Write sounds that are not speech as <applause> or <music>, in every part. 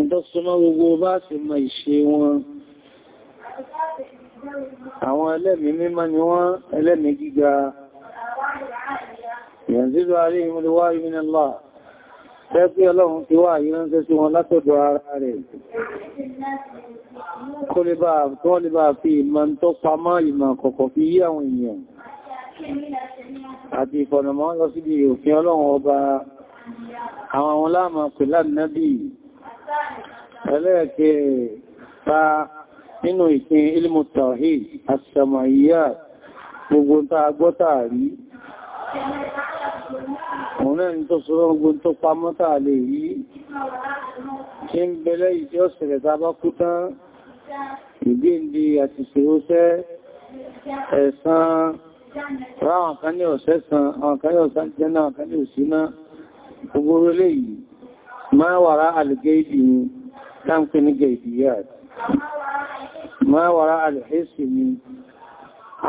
ń tó súnmọ́ gbogbo bá sì mọ ìṣe wọn àwọn ẹlẹ́mì mímọ́ ni wọ́n ẹlẹ́mì gíga yanzilu alayhim al-wahyu min Allah tẹ́gbé ọlọ́run ti wá ìránṣẹ́ sí wọn látọ̀dọ̀ ara rẹ̀ kó lè bá tó lè bá fi ìmọ̀ tó pamọ́ ìmọ̀ kọ̀kọ̀ fi yí àwọn èèyàn àti ìfọ̀nàmọ́ lọ síbi òfin ọlọ́run ọba àwọn àwọn láàmà pẹ̀lá ẹlẹ́ẹ̀kẹ́rẹ̀ ta nínú ìpín ilmu tawhid as-samayya gbogbo ta gbọ́tàrí òun náà ni tó sọ́rọ̀ gbogbo tó pamọ́ tàà lè yí kí ń bẹ̀lẹ̀ ìdí ọ̀sẹ̀rẹ̀ ta bá kú tán ìgbéǹdì àti ṣeróṣẹ́ ẹ̀san ráwọn kan ní ọ̀sẹ̀ san àwọn kan ní ọ̀sán jẹ́nà àwọn kan ní táǹkì ní gẹ̀ẹ́dìyàt máa wàrá alìhẹ́sì ni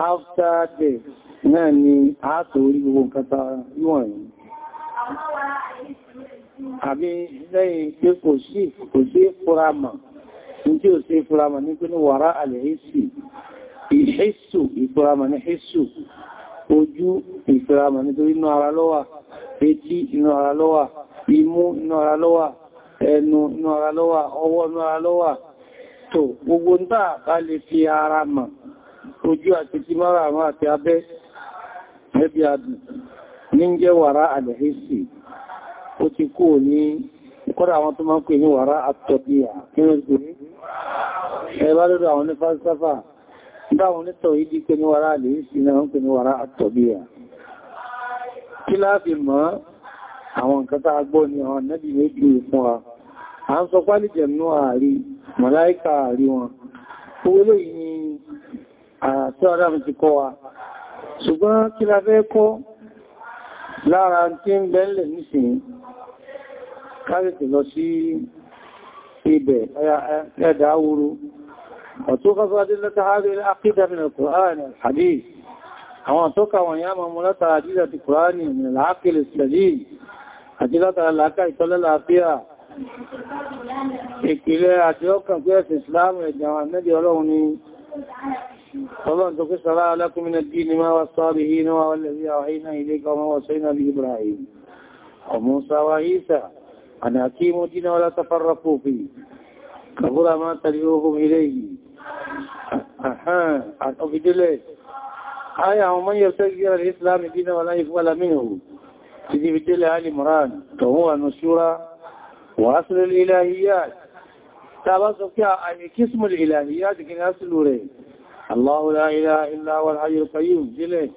after death náà ni a tó rí gbogbo kata yíwọ̀n yìí àbí lẹ́yìn pé kò sí kò sí fúramà tí ó sí fúramà ní pé ní wàrá alìhẹ́sì ìhẹ́sù ìfúramà ní hẹ́sù ojú ìfúramà nítorí inú ara ló etí inú ara ló imú inú ara ló ẹnu inú ara lọ́wà ọwọ́ inú ara lọ́wà tó gbogbo ń tàà bá lè fi ara mọ̀ ojú àti tí mara àwọn àti abẹ́ ẹbí adùn ní jẹ́ wàrá àlẹ́hìsì ó ti kú ní kọ́dà àwọn tó máa ń pè ní wàrá àtọ̀bíyà ẹ̀bá lọ́dọ̀ àwọn ní falsafa dáwọn onítọ̀ ìdí pé ní wàrá àlẹ́hìsì náà ń pè ní wàrá àtọ̀bíyà kí láàfin mọ́ àwọn nǹkan tá a gbọ́ ni àwọn nẹ́bí méjì fún wa a ń sọ pálìjẹ̀ ní ààrí màláíkà ààrí wọn owó lóyìn ni àti adam ti kọ́ wa ṣùgbọ́n kí la fẹ́ kọ́ lára tí ń bẹ́ẹ̀lẹ̀ nísìn káàkiri lọ sí ibẹ̀ ẹ̀dà awúrú ọ̀tọ́kọ́ tó adé lọ́ta ààrẹ akídà min al-Qur'an al-Hadith àwọn àtọ́ka wọn yá mọ̀ látara jíjà ti Kùránì min al-aql as àti látara làákà Ìpìlẹ̀ àti ọkàn pé ẹ̀sìn ìsìláàmù ẹ̀dà àwọn àmẹ́dì ọlọ́run ni ọlọ́run tó kí sọ́lá alákùnmínà dí ni máa wá sọ́rì yìí náà wọ́n lèrí àwọn àìyàn ilé kan wọ́n sọ iná bí Ibrahim. Ọmọ sáwà Ìsà, àni àti mú dínà wọ́n látafárá fòfin, kàbúrà máa tàbí ogun ilé yìí. Ọ̀fìdílẹ̀, ayà àwọn وأصل الإلهيات تبصف يعني قسم الإلهيات كن أصل ري الله لا إله إلا هو الحي القيوم جلي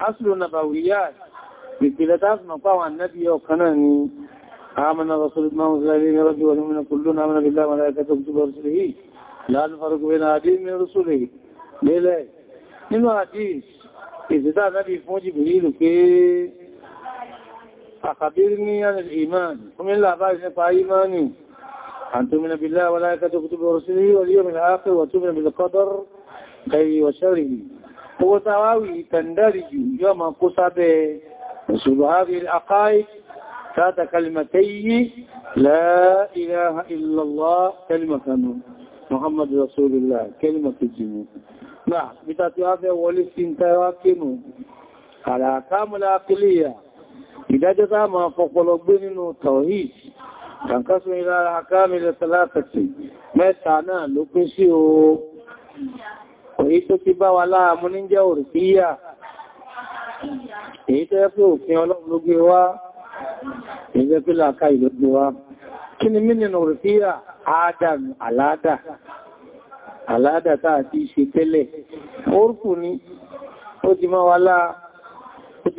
أصل النبويات بكلتات مقام النبي وقناني آمن رسول الله وزالين ربي والمؤمن كلنا آمن بالله وملائكته وكتبه ورسله لا الفرق بين عديد من رسله ليلة nínú àdíṣ ìsìtà náà bí fún jìbìrì أخبرني عن الإيمان هم الله بايس نفع إيماني أن تؤمن بالله ولا يكتب كتب رسله واليوم الآخر وتؤمن بالقدر خيره وشره هو تواوي تندرج يوم قصب رسول هذه العقائد ذات كلمتي لا إله إلا الله كلمة محمد رسول الله كلمة الجنة نعم بتاتي هذا ولسين تواكنوا على أكام العقلية ìdájọ́ tá máa fọpọlọ gbé nínú tawhid kàǹkásùn ìlara akáàmìlẹ̀ tàlátàtì mẹ́ta náà ló pín sí o èyí tó ti bá wa láàmú ní jẹ́ òrìsíyà èyí tó yẹ pé òfin ọlọ́run ló gbé wá èyí jẹ́ adam aláàdà aláàdà táà ti ṣe tẹ́lẹ̀ orúkù ni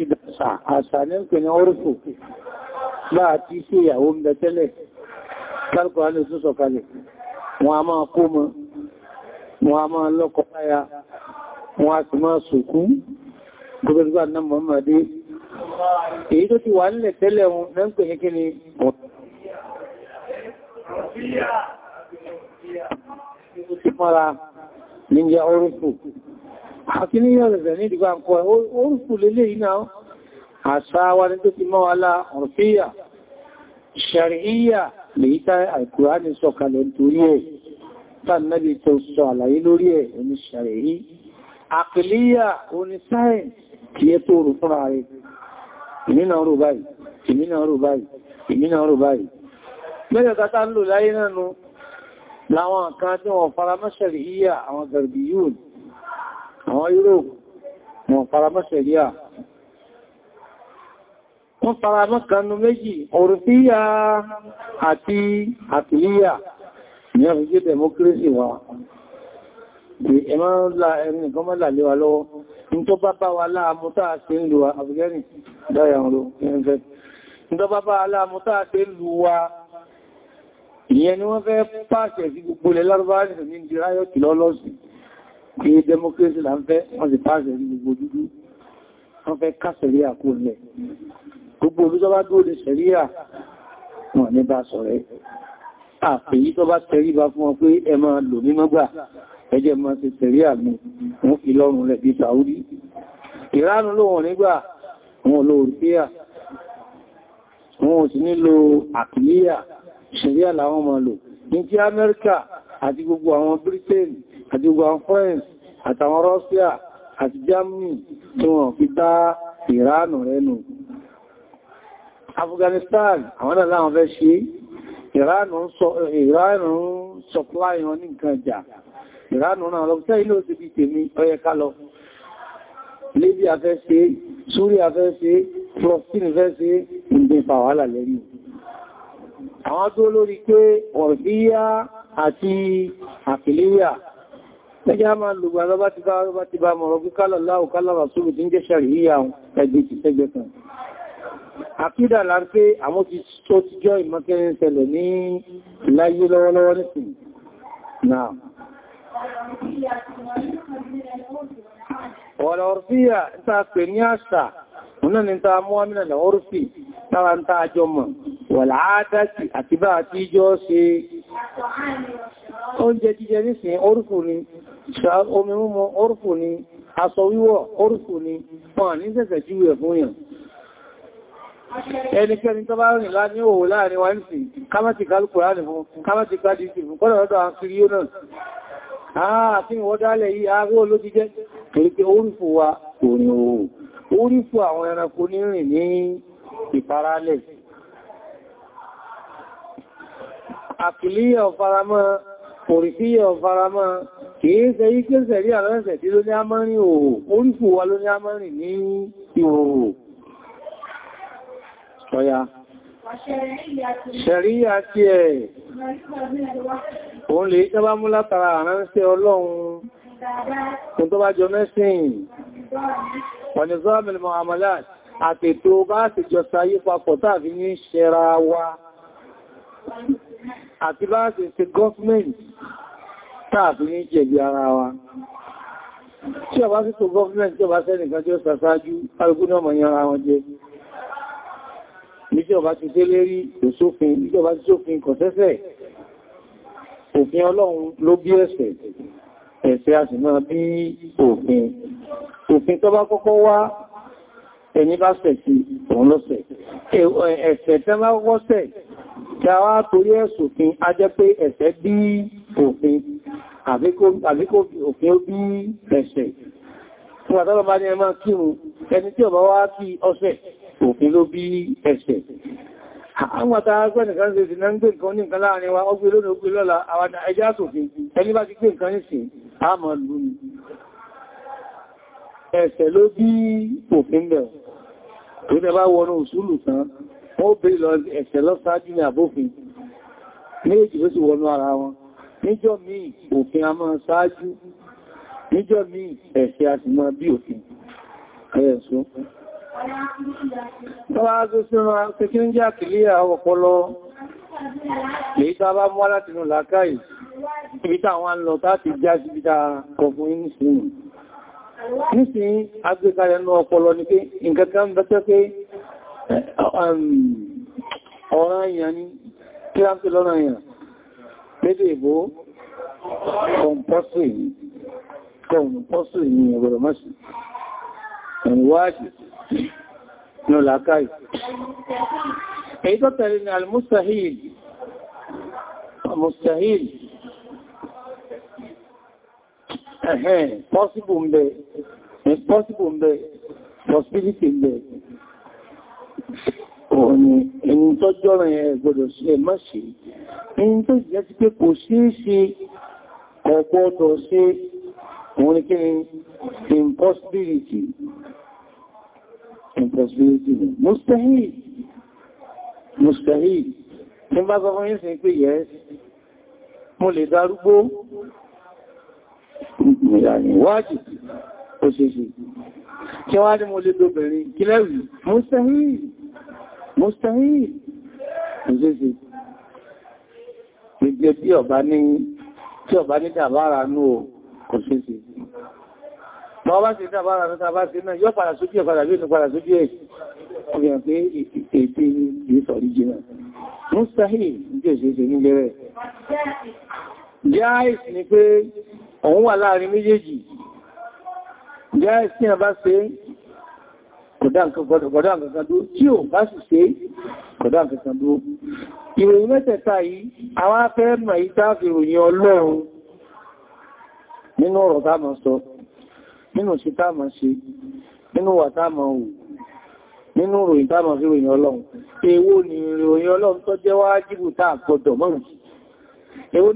ìdàṣà àṣà ní pè ní orúfù bá àti sí ìyàwó ń bẹ tẹ́lẹ̀ kálùkù alẹ́ tó sọ̀kalẹ̀ wọn a máa kó mọ wọn a máa lọ́kọ láya wọn a sì máa sùkú gbogbo náà mọ́mọ́dé èyí tó ti wà nílẹ̀ tẹ́lẹ̀ wọn àti ní ọ̀rẹ̀sẹ̀ ní ìdìgbà ń kọ́ ẹ̀ ó ń kù lélé iná àṣà wa ní tó ti mọ́ alá ọ̀rọ̀fíyà ṣàríyà lèyí tá Al-Kùránì sọ̀kalẹ̀ torí ẹ̀ tánàbí tó sọ àlàyé lórí ẹ̀ oní ṣàríyí àkìlíyà oní sáyẹ̀nsì kí ẹ tó rò fúnra rẹ̀ ìmìnà rò báyìí ìmìnà rò báyìí ìmìnà rò báyìí mẹ́jọ̀ta tá ń lò láyé náà nu àwọn Europe wọn faramọ́ sẹ̀ríà wọ́n faramọ́ kanu méjì òrùfíyà àti àtìlíyà ní ọ̀fíjẹ́ democracy wa ẹ̀mọ́ ńlá ẹni nǹkan mọ́lá lé wa lọ́wọ́ ní tó bá bá wa láàmú táà ṣe ń lu wa afghani dáyà ń lo ẹ̀fẹ́ ní tó bá bá wa láàmú táà ṣe ń lu wa ìyẹn ni wọ́n fẹ́ pàṣẹ sí gbogbo lẹ́lárúbáwà ní ìdíráyọ̀ kìlọ́lọ́sìn Iye democracy la ń fẹ́, wọ́n sì pàṣẹ ní gbogbo dúdú, wọ́n fẹ́ ká sẹ̀ríà kó lẹ̀. Gbogbo olúsọ́bá dúró lè sẹ̀ríà, wọ́n ní bá sọ̀rẹ́. Àpèyí tó bá tẹrí bá fún ọ pé ẹ máa lò ní mọ́gbà, ẹjẹ́ máa ti sẹ̀ríà mi, wọ́n fi lọ́rùn rẹ̀ bí Saudi. Ìránú lóhun nígbà, wọn lo Òrùpíà, wọn ò sì nílò àkìlíyà, sẹ̀ríà làwọn máa lò. Ní ti Amẹ́ríkà, àti gbogbo àwọn Britain àti gbogbo àwọn France àtàwọn Russia àti Germany tí wọ́n fi dá Iran rẹnu Afghanistan àwọn náà láwọn fẹ́ ṣe Iran ń supply wọn ní nǹkan jà Iran náà lọ́pẹ́ ilé òsì bí tèmi ọyẹ ká lọ Libya fẹ́ ṣe Syria fẹ́ ṣe Palestine fẹ́ ṣe ìgbẹ̀fà wàhálà lẹ́yìn àwọn tó lórí pé ọ̀rọ̀ àti àkìlíyà ẹjá máa lùgbà lọ́bá ti bá rọ́bá ti bá mọ̀rọ̀ bí kálọ̀ láhù kálọ̀rọ̀ sóbù tí ń jẹ́ ṣàrí yíya ẹgbẹ́ ti sẹ́gbẹ́ kan àkídà là ń pé àwọn ti tó ti jọ ìmọ́kẹrin ṣẹlẹ̀ ní láyé lọ́wọ́lọ́wọ́ nísìn náà wọ̀lọ̀ ọ̀rọ̀fíyà ń ta pè oúnjẹ jíjẹ nísìn orúfù ni omi mímu orúfù ni aṣọ wíwọ̀ orúfù ni wọ́n ní sẹ̀sẹ̀ jú ẹ̀ fún yàn ẹnikẹ́ni tó bá rìn lá ní òwò láàrin wa nísìn kámátì kálùkù láàrin fún kámátì káàdì sí fún kọ́nà lọ́dọ̀ àwọn kiri yóò náà àti ìwọ́n dálẹ̀ yìí arú olójí jẹ́ torí pé orúfù wa kò ní òwò orúfù àkìlíyà ọ̀faramọ́ òrìfíyà ọ̀faramọ́ kìí ṣe ikú sẹ̀rí àrẹ́sẹ̀ tí ló ní a mọ́rin òhò orífù wa ló ní a mọ́rin ní ìhòhò ṣọ́yá ṣẹ̀rí àti ẹ̀ òun lè tẹ́bá mú látara àránṣẹ́ ọlọ́run kò tó bá jọ mẹ́sìn ọ̀nìzọ́mìlì mọ̀hàmàlá àtètò bá ti jọ sáyé papọ̀ tàbí ní ṣẹra wa àti bá ṣe ṣe gọ́ọ̀mẹ́ntì tààfi ní jẹ̀bi ara wa tí ọba sí tó gọ́ọ̀mẹ́ntì tí ọba sẹ́nìkan tí ó sàṣájú arúgbónà ọmọ yẹn ara wọn jẹ níjọba ti dé lérí òṣòfin níjọba ti sófin kọ̀sẹ́sẹ̀ òfin ọlọ́run ló bí ẹ̀ṣẹ̀ ẹ̀ṣẹ̀ a sì máa bí òfin òfin tó bá kọ́kọ́ wá ẹni bá ṣẹ̀ sí òun lọ́sẹ̀ ẹ̀ṣẹ̀ tẹ́ bá kọ́kọ́ ṣẹ̀ kí a wá torí ẹ̀sùnfin a jẹ́ pé ẹ̀ṣẹ̀ bí òfin àbíkò òfin ó bí ẹ̀ṣẹ̀ fún àtọ́lọ́ bá ní ẹ máa kírun ẹni tí ọba wá kí ọ̀ṣẹ̀ òfin ló bí ẹ̀ṣẹ̀ àwọn àtàgbẹ́ nìkan ṣe ìsìnà ń gbé nǹkan wa ọgbẹ́ lónìí ọgbẹ́ lọ́la àwọn ẹjá sòfin ẹni bá ti gbé ni ẹ̀ṣẹ̀ ló bí òfin bẹ̀rẹ̀ tó tẹ bá wọnú òṣùlù tán wọ́n bèèrè lọ ẹ̀ṣẹ̀ lọ́sáájú ní àbófin méjì ló sì wọnú ara wọn níjọ́ míì òfin a máa ṣáájú níjọ́ míì ẹ̀ṣẹ̀ a sì máa bí òfin ẹ̀ẹ̀ṣọ́ Ibítà wọn lọ táti já síbítà kọfún ní sínú. Nísìn agbékalẹ̀ ní ọpọlọ ní pé nǹkan kan bẹ́tẹ́ pé Um, ọ̀rọ̀ èèyàn ní kí á sí lọ́rọ̀ èèyàn lédè ìbò kọmpọ́sì ní kọmpọ́sì ní ọ̀rọ̀ mọ́sí ẹ̀wọ́ájì ní ọ̀làkáì èyí tó tẹ̀lé ní almustahil almustahil ẹ̀hẹ́n possible ń bẹ possibility ń bẹ òní ẹni tó jọ́rọ̀ yẹn gbọdọ̀ sí ẹ má ṣe ẹni tó jẹ́ sí pé kò sí ṣe ọ̀pọ̀ ọ̀tọ̀ sí òun ní kí impossibility impossibility mustahil mustahil tí bá sọ fún yí sí pé yẹ́ mo lè darúgbó wájì ó ṣe ṣe kí wá ní mo lè dobìnrin kí lẹ́rìí mustahil mustahil ìṣẹ́sì gbogbo tí ọba ní tí ọba ní tàbára nú o kò ṣeéṣe bọ́ọ̀bá sí tàbára ní tàbá sí náà yóò padà sójú ẹ̀ padà bí i padà sójú ẹ̀ ọgbẹ̀rẹ̀ pé ètè ìsọ̀rí jìnà mustahil ìjẹ́ ìṣẹ́sì ní gẹ́rẹ̀ jáìs ni pé òun wà láàrin méjèèjì jáìs ní àbá ṣe kọ̀dá nǹkan dúró tí ò bá sì ṣe kọ̀dá nǹkan dúró. ìròyìn mẹ́tẹ̀ẹ̀ta yìí àwọn afẹ́ mọ̀ yí táàfi ròyìn ọlọ́run nínú ọ̀rọ̀ tá máa sọ nínú ṣe tá máa ṣe nínú wà tá máa hù nínú ròyìn tá máa fi ròyìn ọlọ́run èwo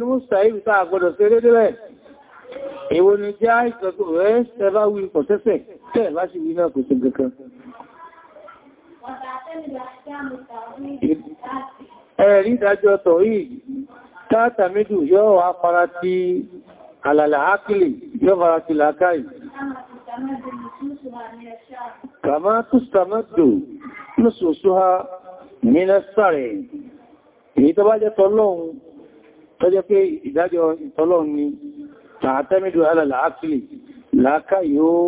Èwo ni jẹ́ àìsànkò rẹ̀ ẹbá wí pọ̀ sẹ́sẹ̀ tẹ́ bá sì wí náà kò sí kankan. Ẹ̀rí ìdájọ́ tọ̀ yìí, táàtà méjì yóò wá fara ti àlàlà ákìlì yóò fara ti làákàì. Kàmá tùsàmọ́dù lóṣòṣò ha nínú sàrẹ̀. Èyí tó bá jẹ́ tọ́lọ́run, tó jẹ́ pé ìdájọ́ ìtọ́lọ́run ni tààtẹ́mìdò alàlà ákìlì láàká yóò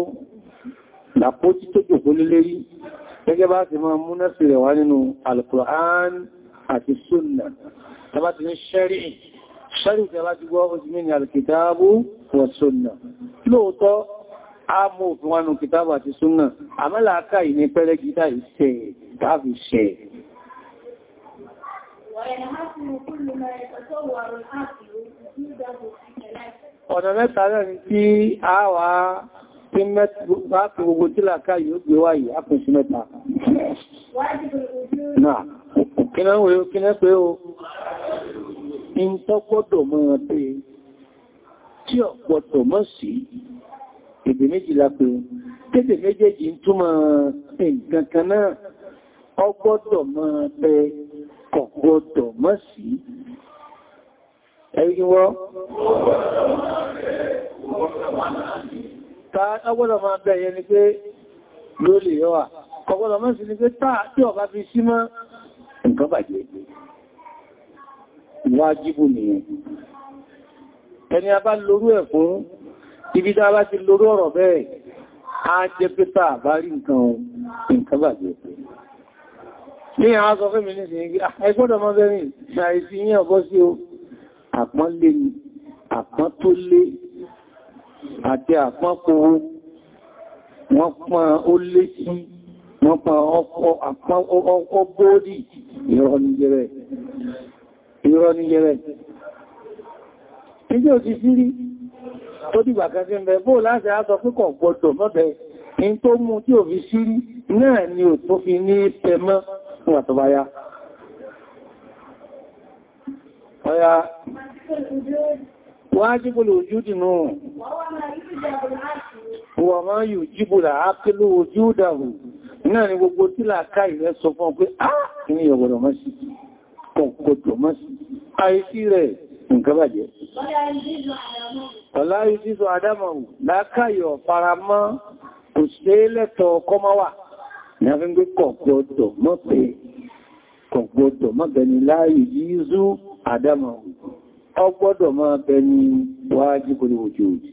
làpó tí tó jòkó lélérí gẹ́gẹ́ bá ti máa múná sí rẹ̀ wá nínú alkùrán àti súnnà tàbá ti ní ṣẹ́rí ṣẹ́rí tàbá ti gbọ́ òjìmí ni alkìtàbù wà súnnà lóòótọ́ a mọ́ òfin wánú kìtàbù àti كل ما يتصور العاقل يوجد في كلامه ọ̀nà mẹ́ta rẹ̀ tí a wà tí mẹ́ta fi gbogbo tí làkà yóò gbé wáyìí ápùsù mẹ́ta. náà kí náà wèé kí náà pé o in tọ́gbọ́dọ̀ mọ́ pé tí ọ̀pọ̀tọ̀ mọ́ sí èdè méjìlá pé kéde méjèèjì ń túmọ̀ nǹkan kan náà ọgbọ́dọ̀ mọ́ pé kọ̀gbọ́dọ̀ mọ́ sí ẹ̀yíwọ́ ta agbọ́dọ̀ máa bẹ̀yẹ ni pé lórí yọ́wà kọgbọ́dọ̀ mọ́ sí ni pé táà tí ọba fi sí mọ́ nǹkan bàjẹ́ wájíbù nìyẹn ẹni a bá lórú ẹ̀ fún ibi tá a lórú ọ̀rọ̀ bẹ́ẹ̀ á jẹ́ pé táà bá rí nǹkan bàjẹ́ ní àwọn sọ fẹ́mi ah, ní ìsìnkú ẹgbọ́dọ̀ mọ́ bẹ́rin ṣàìsí yẹn ọ̀bọ́ sí o àpọ́nlé ni àpọ́n tó lé àti àpọ́n kòrò wọ́n pọ́n ó lé sí wọ́n pọ́n ọkọ̀ bóòdì ìrọ̀nìyẹrẹ ìrọ̀nìyẹrẹ ìjẹ́ òtí sí rí tó dìgbà kẹsẹ̀ mẹ́ bóò láti àtọ́ pípọ̀ gbọdọ̀ mọ́bẹ̀ in tó mú tí ò fi sí rí náà ni ò tó fi ní tẹmọ́ fún àtọ́báyá ọya wájíbò lòjúdì náà wọ́n máa yìí jíbò làákílò ojúdàwò náà ni gbogbo tí làákà ìrẹ́ sọ fún pé á ní ọ̀gbọ̀dọ̀ mọ́sí kọ̀kọ̀dọ̀ mọ́sí àìsí rẹ̀ nǹkan bàjẹ́ ọ̀lá ìjíṣọ́ àdámọ̀wò lákàyọ̀ faramọ́ kò ṣe lẹ́tọ̀ kọmọ́wà ní a fi ń gbé kọ̀gbọ́dọ̀ mọ́pẹ̀ kọ̀gbọ́dọ̀ mọ́bẹ̀ni láàrín yízú àdámà ọgbọ́dọ̀ máa bẹ ní wájí kò ní òjò òjì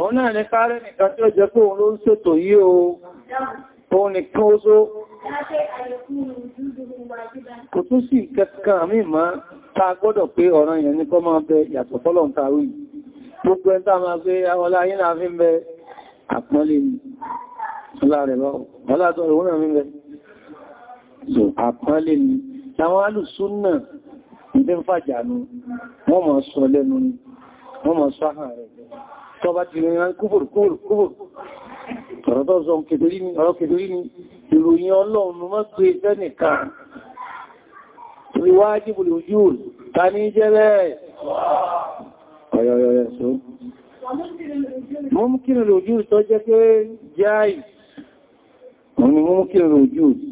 òun náà ní kárẹ́ nìkan tí ó jẹ́ pé òun ló ń ṣètò yí o òun nìkan ó só kò tún sí kẹkàn mí ma ta gbọ́dọ̀ pé ọ̀ràn yẹn ní kọ́ máa bẹ yàtọ̀ fọ́lọ̀n so àpọ́nlé ni àwọn alùsúnnà ìdẹ́ ń fàjànú wọ́n mọ̀ sọ lẹ́nu ni wọ́n mọ̀ sọ àhàn rẹ̀ tó bá ti rìnrìn kúfòrò kúfòrò kúfòrò ọ̀rọ̀ tó sọ ọ̀rọ̀ kèdèrí ni ìròyìn ọlọ́run mọ́ pé sẹ́nìkan ríwájìbùlù ojú ta ní jẹ́ bẹ́ẹ̀ ọ̀yọ̀yọ̀ Wọ́n ni wọ́n kí ọ̀rọ̀ ojú òjì.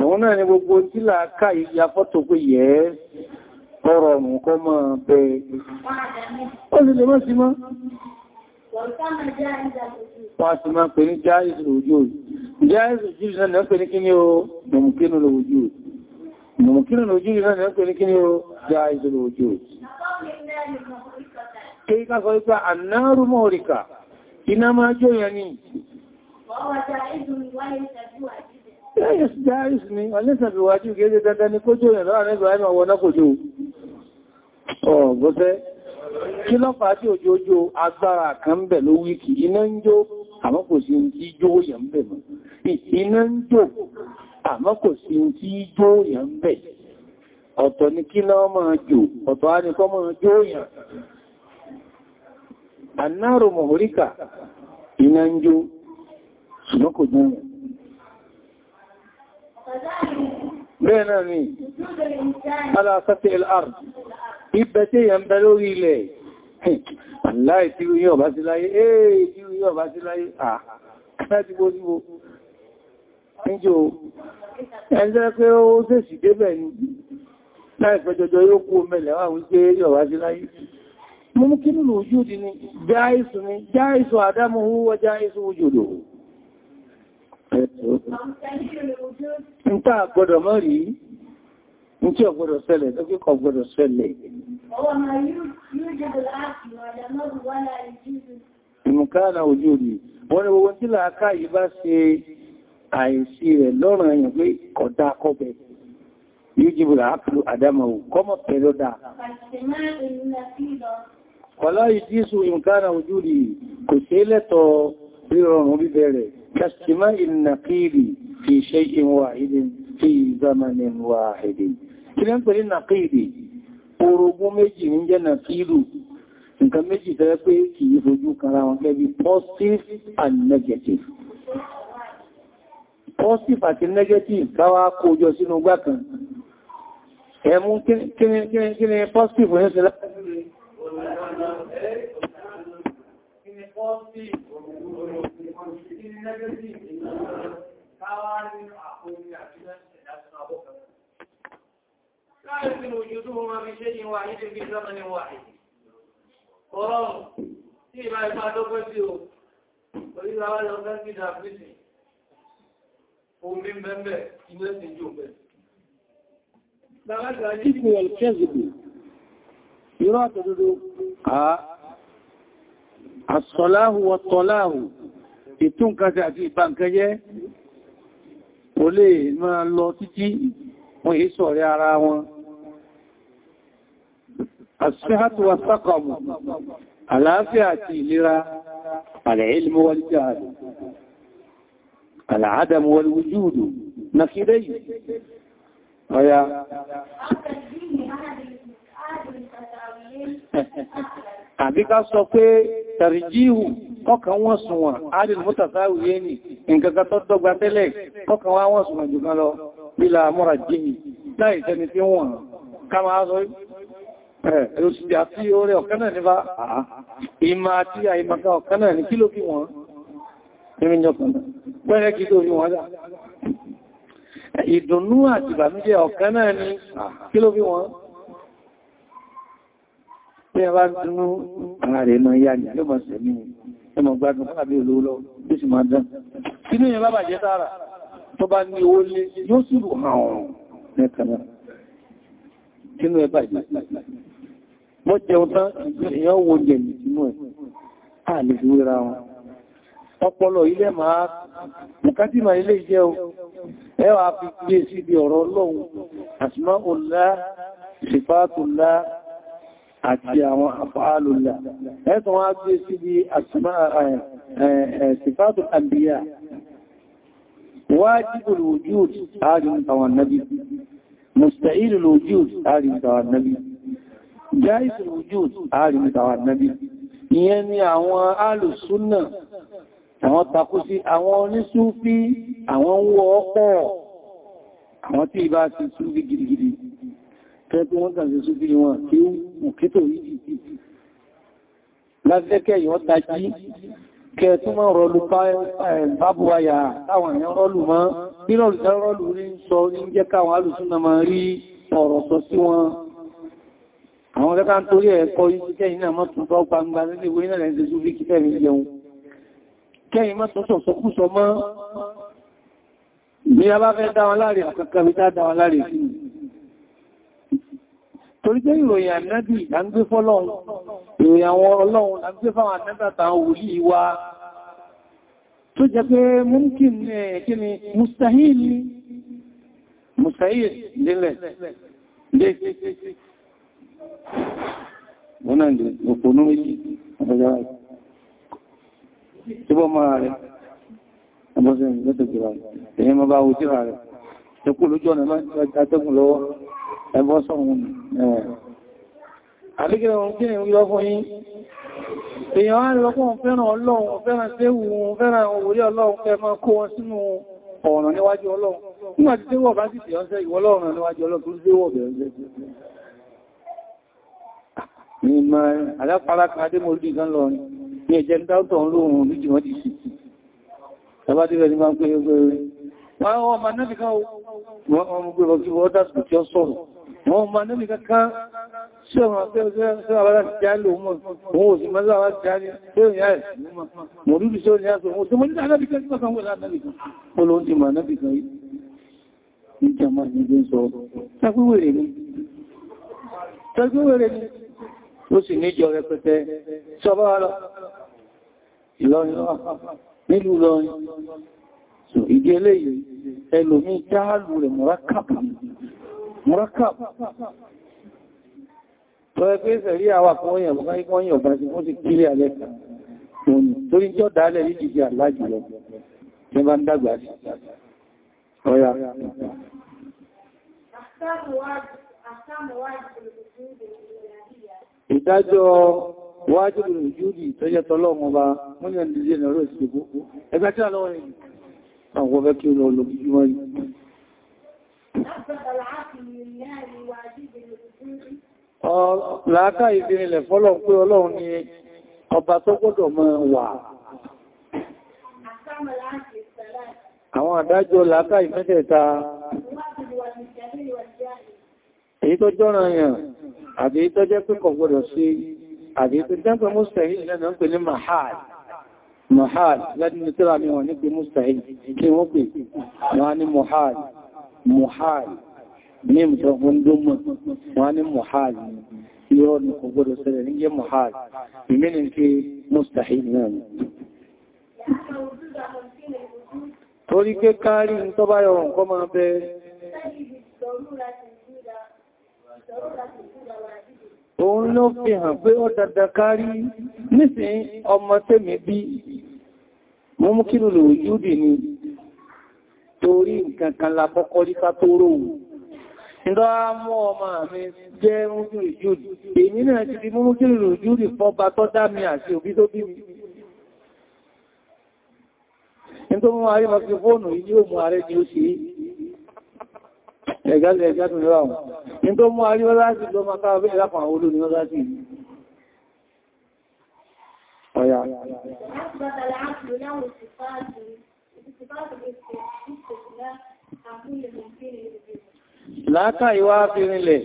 Àwọn náà ni gbogbo tí làákà ìyá fọ́tò pé yẹ́ ọ̀rọ̀ ọ̀rùn kọ́ máa bẹ. Ó lè lè mọ́ sí mọ́. Wọ́n sì máa pè ní jáìsì ojú òjì. Jáìsì ojú òjì náà pè ní kí ni ó mọ̀mùkínú lójú òjì. Mọ̀mùkínú lójú òjì náà pè ní kí ni ó jáìsì lójú òjì. Kí ká sọ iná máa jó yẹn ni Jáìs ni, ọlẹ́sàbí wájú gẹ́gẹ́ dandan ni kó jò rẹ̀ lọ́wọ́ nígbà ẹ̀mà wọ́n náà kò jò. Ọ̀gbọ́sẹ́, kí lọ́pàá tí òjò ojú agbára kan bẹ̀ ló wíkì, iná ń jó, àmọ́ kò sí tí jó yẹ̀ ń bẹ̀ mọ́. Iná ń jó, àmọ́ kò sí tí jó yẹ̀ bẹ̀. Ọ̀tọ̀ ni kí lọ́ máa jò, ọ̀tọ̀ á ní kọ́ máa jó yẹ̀ annáàrò mọ̀horíkà iná ń jó ṣùgbọ́n kò jẹ́ rẹ̀ bẹ́ẹ̀ náà ni aláàsáfẹ́ lr ibẹ̀ tí yẹn bẹ lórí ilẹ̀ aláì tí yóò bá sí láyé èé eh, tí yóò bá sí láyé àà láti bó síbò níjò ẹ̀ẹ́sẹ́ ó tẹ́sì débẹ̀ ni láìpẹ́ jọjọ yóò kú mẹ́lẹ̀ wà wípé yóò bá sí láyé mumkin wujud ni jaiz ni jaiz adamuhu wa jaiz wujuduhu nta gbọ́dọ̀ mọ̀ rí nti ó gbọ́dọ̀ ṣẹlẹ̀ to ki kò gbọ́dọ̀ ṣẹlẹ̀ ìmùkánà wujudi wọ́n ni gbogbo tí làákà yìí bá ṣe àìsí rẹ̀ lọ́rùn ẹ̀yìn pé kọ̀dá Wàlá ìdísù ìmkánà òjúlì kò ṣe lẹ́tọ̀ rírọrùn bíbẹ̀rẹ̀, kàṣìmá ìnàkìrì fi ṣe ìwàhìdìn fi zamanin wàhìdìn. Kí lẹ́ ń pẹ̀lú nàkìrì, orogún méjì ní jẹ́ nàkìrù, nǹkan méjì tẹ́rẹ pé kì í fojú kara wọn gẹ́gẹ́ bí positive and negative. Positive àti negative káwá kójọ sínú gbá kan. Ẹmú kí ni positive ní ṣe láti Kíni pọ́sí òmìnirò kíni nẹ́gẹ́sì káwà nínú àkórí àjíjẹ́ ìdásùn àbọ́kà. Láàrín òjòdó wọn fi ṣe ìwà ìdí bí sọ́mọ́ni wà ìdí. Ọ̀rọ̀ tí ìbá ìpá dọ́gbẹ́ sí o, orílẹ̀-èdè lọ́gbẹ́ sí ìdàfíìsì, omi mẹ́mẹ́ ìgbẹ́sìn jù mẹ́. Láàrín àjíjẹ́ irọ́ àtọ̀dúdú àṣọ́láhù wọ́tọ́láhù ìtúnkàtà àti ìbànkẹjẹ́ kò lè máa lọ títí wọ́n èé sọ̀rẹ́ ara wọn àṣíhàtù wa sákọ̀mù àlàáfíà àti ìlera àlẹ́ìlmọ́ wọlíjà àlàádàmù <laughs> àbí ká sọ pé tàríjíhù kọkàn wọ́n sùnwọ̀n adìl mọ́tàfáwì yé nì nǹkankan tó dọ́gba tẹ́lẹ̀ kọkàn wá wọ́n sùnwọ̀n jù lọ bílá mọ́ra jíhì láì tẹni tí wọ́n ká máa sọ ìrùsùn àti orí ọ̀kan náà ní bá ìmá àti àìmàká ọ̀kan náà ní kí ló kí pé ẹwà dúnú ara rẹ̀ mọ́ yá ní yóò mọ̀ sí ní ẹmọ̀ gbádùn fún àbí olówó lọ bí sì máa dán inú yẹn bá bàjẹ́ sára tó bá ní owó lé yóò sì rò hàn ọ̀rùn nẹ́kànnà inú ẹ bàjẹ́ mọ́ jẹun tán èèyàn wo jẹ̀ nínú ẹ̀ á lè fi wéra wọn ọpọlọ ilẹ̀ máa bùkátì máa ilé iṣẹ́ o ẹwà fi gbé síbi ọ̀rọ̀ ọlọ́run àti máa ò lá àti àwọn àfàálùlà ẹ̀tọ́ wọ́n á gbé sí bí sífàtù àbíyà wájibul wujud ààrin tàwọn nabi mustahilul wujud ààrin tàwọn nabi jaisul wujud ààrin tàwọn nabi ìyẹn ni àwọn alùsúnnà àwọn takú sí àwọn onísúfí àwọn wọ́ ọ̀pọ̀ àwọn tí ìbá ti súnfí gidigidi fẹ́ pé wọ́n kàn sí súfí wọn kí ó mù kí tó rí láfẹ́kẹ́ yọ́ tají kẹ tó mọ́ rọlù bábú ayà táwọn èèyàn rọlù mọ́ bí rọlù tẹ́ rọlù rí ń sọ ní jẹ́ káwọn alùsúnà máa rí ọ̀rọ̀ sọ sí wọn àwọn kẹta ń torí ẹ̀kọ́ iṣẹ́ iná mọ́ tún tọ́ gbangba nílé ìwé náà lẹ́sẹ̀ súfí kí tẹ́mi jẹun kẹ́yìn a bá fẹ́ dáwọn láàrin àkàkàbí tá dáwọn láàrin fún torí pé ìròyìn ànábì là ń gbé fọ́lọ́run ìròyìn àwọn ọlọ́run là ń gbé fáwọn àtẹ́bàtà wòlíì wa tó jẹ pé múnkín eh, kíni mustahil mustahil lílẹ̀ lé wọ́n náà ẹbọ́ sọ̀hun ẹ̀ kí ni lọ fún èèyàn á lọ fún ọlọ́run ọ̀fẹ́ràn séwù ọ̀fẹ́ràn orí ọlọ́run kẹ máa kó wọn sínú ọ̀ràn níwájú ọlọ́run ní ẹ̀jẹ̀ ń dáútọ̀ ń lóòrùn wọ́n ti sì sí tàbátíbẹ̀ ní máa ń pé ẹgbẹ̀rẹ̀ wọ́n ọmọ náà bí káwọ́ wọ́n mú pé wọ́n dásùn tí ó sọ̀rọ̀ wọn ma níbi kankan sí ọmọ àbára jálò mọ̀ òun òsì mọ́ láwá mọ̀ òun tí mo nílá ti mà náàbì kan yìí ní jàmà ní bí ń sọ tágbéwèrè ni tágbéwèrè ni ó sì níjọ rẹpẹtẹ sọba mọ́rákà tó ẹgbẹ́ ìsẹ̀rí àwà kan wọ́n yẹ̀bọ̀ káyí kan yẹ̀bọ̀ sí fún sí kílé alẹ́kà òní torí jọ dálẹ̀ ní jìjì àlájùlọ tí bá ń dàgbà sí ọya ìdájọ́ wájú ìjúdì tọ́jẹ́ tọ́lọ́wọ́n wọ́n yẹ̀ Láàká ìfìrìnlẹ̀ fọ́lọ̀ pé Ọlọ́run ni ọba tó gbọ́dọ̀ mọ́ wà. Àwọn àdájọ́ láàká ìfẹ́tẹ̀ta èyí tó jọ́ra yàn àbí tó jẹ́ pé kò gbọ́dọ̀ sí àbí tó jẹ́ pé mustahil lẹ́nà ń pè ní mahal mahal muhal ní ìmùsọ̀fún dúnmọ̀ wọ́n ní muhal yóò ní kò gbọ́dọ̀ sẹ́lẹ̀ ní jẹ́ muhal ìmìnì kí mustahil náà torí pé kárí tó bá yọ nǹkan máa bẹ́ òun ló fi hàn pé ó dada kárí nísìn ọmọ tẹ́mẹ̀ bí mú mú kí lòlò yúdì ni torí nǹkan kan la kọ́kọ́ rí ká tó rò wù. Ìdọ́ mú ọmọ mi jẹ́ mújú ìjúdì. Èmi náà ti di mújú ìrùjúdì fọba tó dá mi àti òbí tó bí mi. Ìdọ́ mú àrí mọ́ sí fóònù ilé òmù ààrẹ ni ó ṣe é. Ẹ̀gálẹ̀ ẹ̀gádùn lọ́wọ́. Ìdọ́ mú àrí ọlá sí lọ máa káwà bẹ́ẹ̀ lápàá olú ni Láàkà ìwá fi rinlẹ̀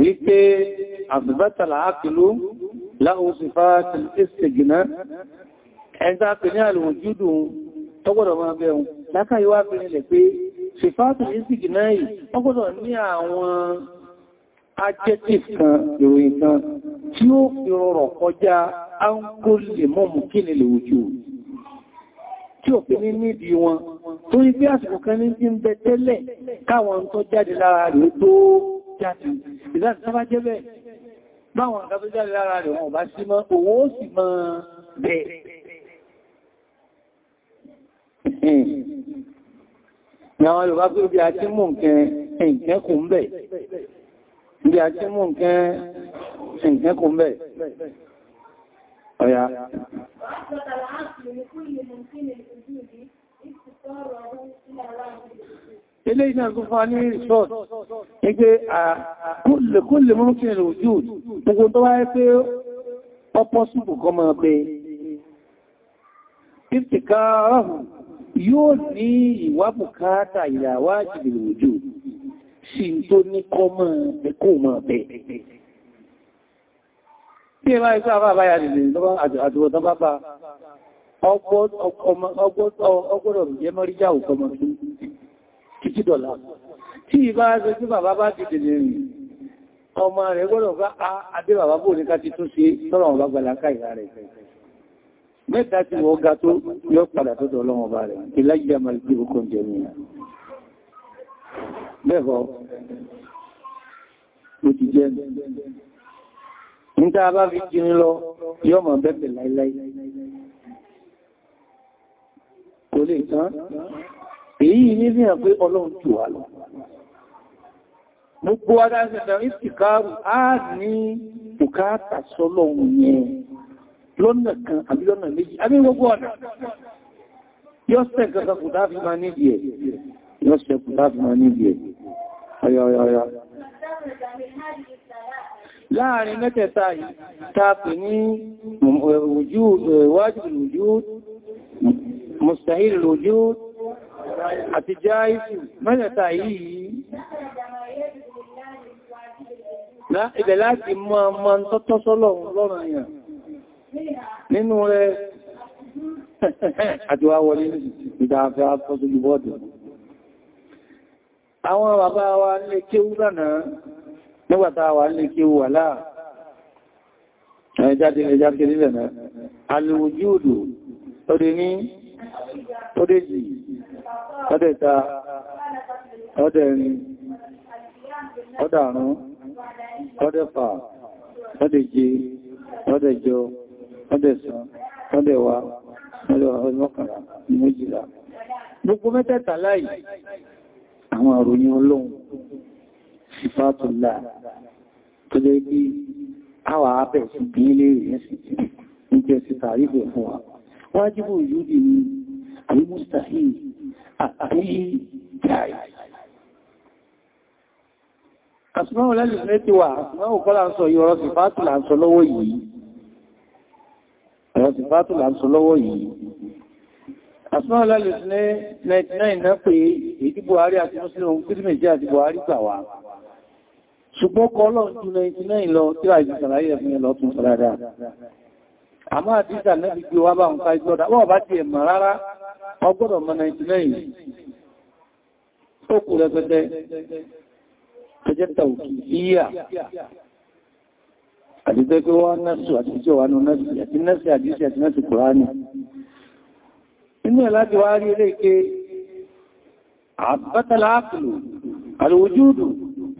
wípé àbúbátàlá ákìlú láhùsùfà ìsìgìnà ẹgbà pè ní àlùwòjúdù tọ́gbọ̀dọ̀ máa bẹ̀rún. Láàkà ìwá fi rinlẹ̀ pé ṣìfàtù ìsìgìnà yìí ọgbọ̀dọ̀ ní àwọn adjective kan ìròyìn kan tí ó fi rọrọ̀ kọjá áńkó lè mọ́ tí ò pé ní nídìí wọn tó ní bí àsìkò kan ní tí ń bẹ tẹ́lẹ̀ káwọn tó jáde lára rẹ̀ tó jáde ìdájì tó bá jẹ́ bẹ́ẹ̀ báwọn àgbà jáde lára rẹ̀ wọn bá sí mọ́ owó sì mọ́ bẹ́ẹ̀ ni àwọn Yorùbá pé bí a ti mú nǹkan nǹkan kùn bẹ́ẹ̀ ọ̀yá ilé iná gúnfà ní short ẹgbẹ́ àkúlẹ̀kúlẹ̀ mọ́kànlẹ̀ ojú gbogbo tó wáyé pé ọpọ́ súnkù kọ mọ́ pé ìtìká ọ̀hún yóò ní ìwà bùkátà ìyàwó àjìbìlì ojú sí tó ní kọ mọ́ pẹ̀kọ́ mọ́ pẹ̀ẹ̀ Bí ẹ máa ń sáà báyà nìlè lọ́wọ́ àjọ̀wọ̀tán bá bá ọgbọ́dọ̀ jẹ́ mọ́ríjá òkọmọ̀ títí dọ̀lá. Tí ìbá ṣe tí bàbá bá ti dèlè rìn, ọmọ rẹ̀ gbọ́dọ̀ bá adé bàbá bò ní ká ti tún ṣe tọ́rọ̀ ọ̀bá gbàlákà ìrà rẹ̀. Mẹ́ta tí wọ́n ga tó yọ padà tó dọ̀ lọ́wọ́ bá rẹ̀, ìlàjì àmàlìkì òkun jẹ́ mìíràn. Bẹ́ẹ̀ níta bá fi kiri lọ yọ́ mọ̀ bẹ́bẹ̀ láìláì kò lè tán èyí ní fi hàn pé ọlọ́run tù wà lọ gbogbo adáṣẹ́ta ìsìkáàrù á ní bùkátà sọ́lọ́run yẹn lọ́nà kan àbí lọ́nà méjì àbí gbogbo ọ̀nà yọ́ sẹ́ kankan kò dáfi máa níbi ẹ̀ yọ́ sẹ́ kò dáfi máa níbi ẹ̀ ọ̀yọ̀ ọ̀yọ̀ ọ̀yọ̀ láàrin mẹ́tẹ̀ẹ̀ta yìí tààpì ní wájibul eh, wujud eh, mustahilul wujud àti jáìsù mẹ́tẹ̀ẹ̀ta yìí ibẹ̀ láti mọ́ ọmọ tọ́tọ́ sọ́lọ̀ lọ́rọ̀ yà nínú rẹ̀ <laughs> àti wá wọlé ìdáfẹ́ àpọ́sọ̀lú bọ́ọ̀dù àwọn bàbá wa lè kéwú lánàá nígbàtà wà ní kí wà láà ẹjáde ẹjáde nílẹ̀ náà alìwòjúòdò ọdẹ ní ọdẹ jì ọdẹ ta ọdẹ rin ọdẹ àrùn ọdẹ fà ọdẹ jẹ ọdẹ jọ ọdẹ sàn ọdẹ wà ọdẹ mọ́kànlá méjìlá gbogbo mẹ́tẹ̀ẹ̀ta láì àwọn àròyìn ọlọ́run sífàtùlá tó jẹ́ kí àwà abẹ̀ sí bí ilé rẹ̀ ń jẹ́ sí tàríbẹ̀ fún wa wájíbò yúdì ní àrí mustahi àrí jàì àsùnmáwò lẹ́lẹ̀ mẹ́tí wà àsùnmáwò kọ́lá ń sọ yìí ọ̀rọ̀ sífàtùlá ń sọ lọ́wọ́ yìí ọ̀rọ̀ sífàtùlá ń sọ lọ́wọ́ yìí Àsúnmọ́ ọlọ́lẹ̀ ní 99 náà pé àti ṣùgbọ́n kọ́ lọ́n tún 99 lọ tí àìsí sàlàyé ẹ̀fún ẹlọ tún sàlàdà àmá àdísà náà fi gbé wá bá ń ká ìgbọ́dá wọ́n bá ti ẹ̀mà rárá ọgbọ́dọ̀ mọ́ 99 ó kù rẹpẹtẹ tẹjẹta òkè yíyà àdíjẹ́ pé wọ́n nẹ́sù àtijọ́ wà nù nẹ́sù àti nẹ́sù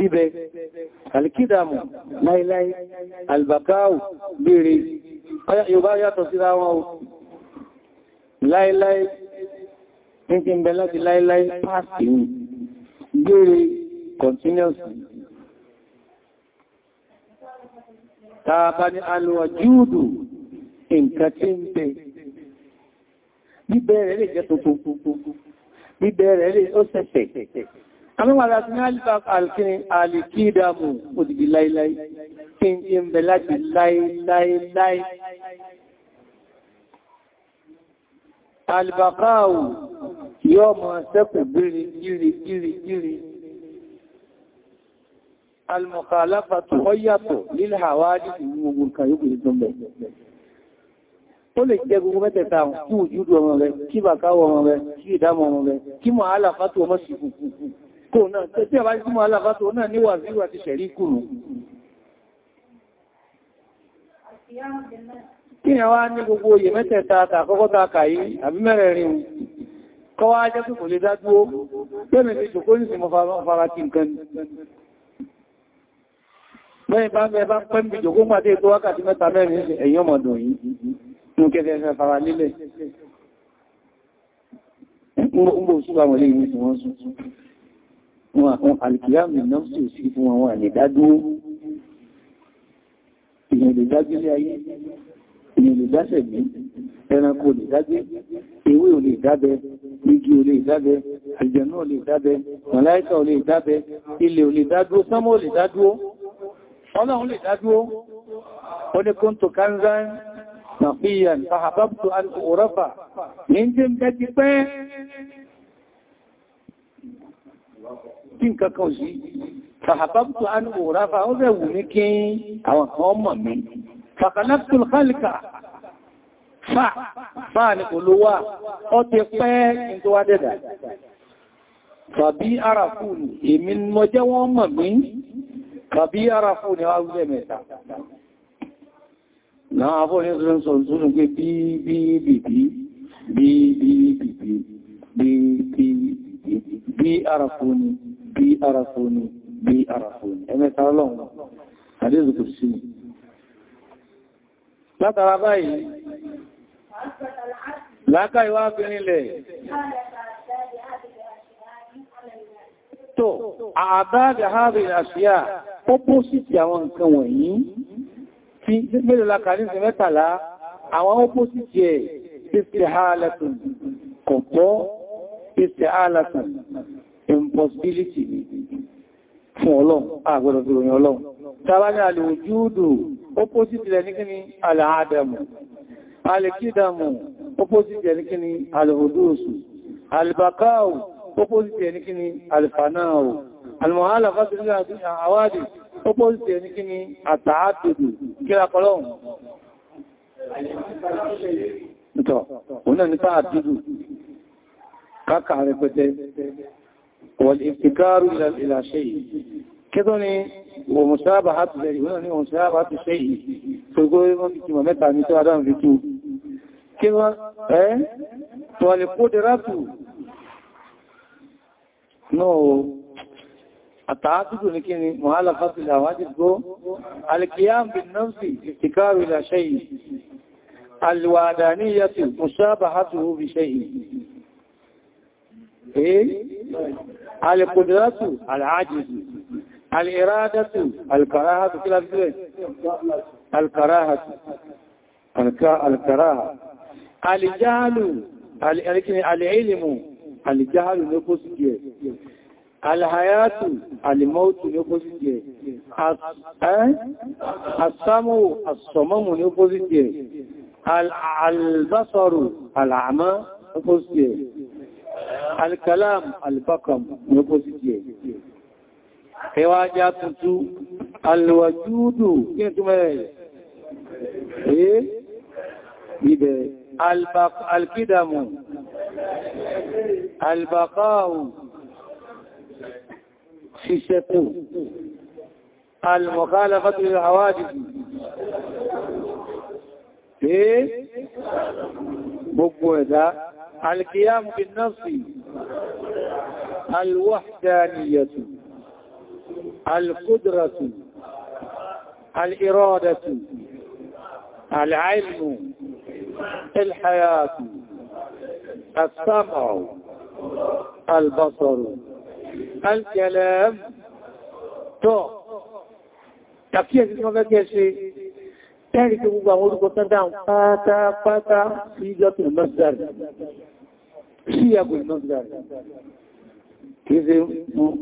bíbẹ̀ alkidamu láìláì albakau bèèrè Yorùbá yàtọ̀ síra wọn o láìláì ní ti ń bẹ láti láìláì pàtì ní bèèrè continuous tàbá ní alwàjúdù nǹkan tí ń bẹ bíbẹ̀rẹ̀ lè jẹ́ tuntun bíbẹ̀rẹ̀ lè ó sẹ̀sẹ̀ Àmúwàrá ti ní alìkíni alìkí ìdàmù òdìdì láìláì, kí n jẹ́ bẹ̀ láti láìláìláì. Alìbàkáàwù yóò mọ̀ sẹ́kù gírí gírí gírí gírí. Alìmọ̀kàlápàtù ọ yàtọ̀ nílẹ̀ àwárí ìlú ogun kan yóò ó lè jẹ gbogbo mẹ́tẹ̀ta kí òjúdù ọmọ rẹ̀ kí bàkáwọ ọmọ rẹ̀ kí ìdámọ̀ ọmọ rẹ̀ kí mọ̀ kò náà tó tí àbájú mọ́ alábátò náà ní wàzíwà ti ṣẹ̀rí kùrù kí ni wá ní gbogbo oyè mẹ́tẹ̀ẹ̀ta àkọ́kọ́ ta kàyí àbí mẹ́rẹ̀ẹ̀rin kọ́ wá jẹ́ pé kò lè dádúó pẹ́mẹ̀ ti jòkó ní ìsinmi fara kí nǹkan ni mẹ́rin bá mẹ́ bá pẹ́mì jòkó pàdé tó wákàtí mẹ́ta mẹ́rin ẹ̀yìn ọmọdún yìí ní kẹfẹ́ fara wọn alìkìyàmì náà sì sí fún àwọn àlèdádó èèyàn lè dágbé lé ayé èèyàn lè dáṣẹ̀ mí ẹranko lè dágbé ewé ò lè dábẹ igi ò lè dábẹ àlùjànnú ò lè dábẹ màláíkà ò lè dábẹ ilẹ̀ ò lè dádúó sánmọ̀ ò lè dádúó ọlọ́run lè dádúó ó ní kún tó kánzán nàfíyàn fàhàbábùtò tí nǹkan kan sí fàhàbábùtò ánìwò ráfà ó rẹ̀ wù ní kí àwọn kan mọ̀ mí fàkàlápùtò kálìkà fà fà ní olówà ọ ti pẹ́ tó wá dẹ̀dà tàbí ara fún èmi mọ jẹ́ wọ́n mọ̀ mí tàbí ara fún ní bí ara fún ni bí ara fóní bí ara fóní ẹmẹ́ta ọlọ́run àdéhùn kò sí ni látara báyìí láká ìwá abìnrinlẹ̀ tó àbáàbì àhábì àṣíyà pópósìtì àwọn nǹkan wọ̀nyí tí mẹ́lẹ̀ lákàrí sí mẹ́tàlá àwọn pópósìtì ẹ̀ ìsìhálàtùn kọ̀pọ̀ ìsìhálàtùn impossibility fún ọlọ́run àgbọ́dọ̀ fi ròyìn ọlọ́run tàbá ní alòjúdù opposite rẹ̀ ní kí ni alàádàmù alìkídàmù opposite rẹ̀ ní kí ni alòdóòsù albàkáù opposite rẹ̀ ní kí ni alfanáù alìmọ̀hálà fásitì àwádìí opposite rẹ̀ ní kí ni àtàádùdù kíra kọlọ́run Ìtọ̀, òun náà nípa àdúdù, káàkà rẹpẹtẹ, والابتكار إلى إلى شيء كذني ومشابهة ذلك هنا ومشابهة الشيء فيقول كما متى مثل هذا فيتو كما ايه والقدرة نو التعاطف لكن مخالفة الحواجز هو القيام بالنفس ابتكار إلى شيء الوعدانية مشابهته بشيء ايه القدرة العاجز الإرادة الكراهة كلا بسوء الكراهة الكراهة الجهل العلم الجهل نقص الحياة الموت نقص السمو الصمم نقص البصر العمى نقص alkalam albakam ní kó sí jẹ́ ẹwà ajá tuntun alwajúdù kí n túnmọ̀ rẹ̀ ẹ́ ibẹ̀ alkidamu albakawu ṣiṣẹ́kù almọ̀kálafàtí àwádìí ẹ́ gbogbo ẹ̀dá القيام بالنص الوحدانية القدرة الإرادة العلم الحياة السمع البصر الكلام تو تفكير في بكيشي تارك ابو باور قطن داون فاتا فاتا سيجة المصدر síyàgbẹ̀ nọ́gbà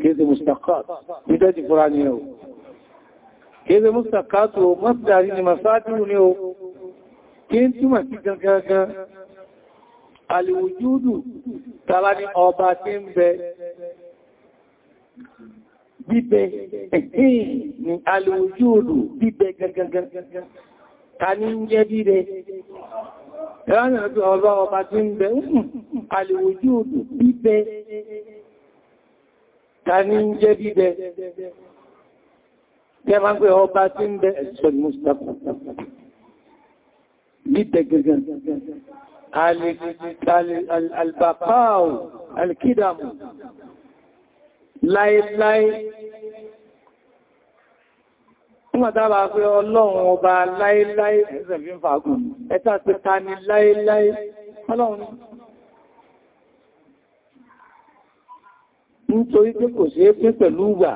kéèsè mustaqat nítẹ́jì fúra ní ẹ̀wọ̀ kéèsè mustaqat o masdari ni masáàdínú ní o kí n túnmà sí gangan alìwòjúdù tàbá ní ọba tí ń bẹ bíbẹ ẹ̀hìn ni alìwòjúdù bíbẹ gangan ta ní ń jẹ́ bíbẹ Ìrànà pé ọba ọba tí ń bẹ àlèwòjú òdò bíbẹ, ta ní ń jẹ́ bíbẹ. Tẹ́ máa ń pè ọba tí Nígbàtàrà pé ọlọ́run ọba láíláí ẹ̀sẹ̀ fi ń fàágùn, ẹ̀ta pé ta ni láíláí, ọlọ́run nítorí pé kò ṣe é pín pẹ̀lú ìgbà,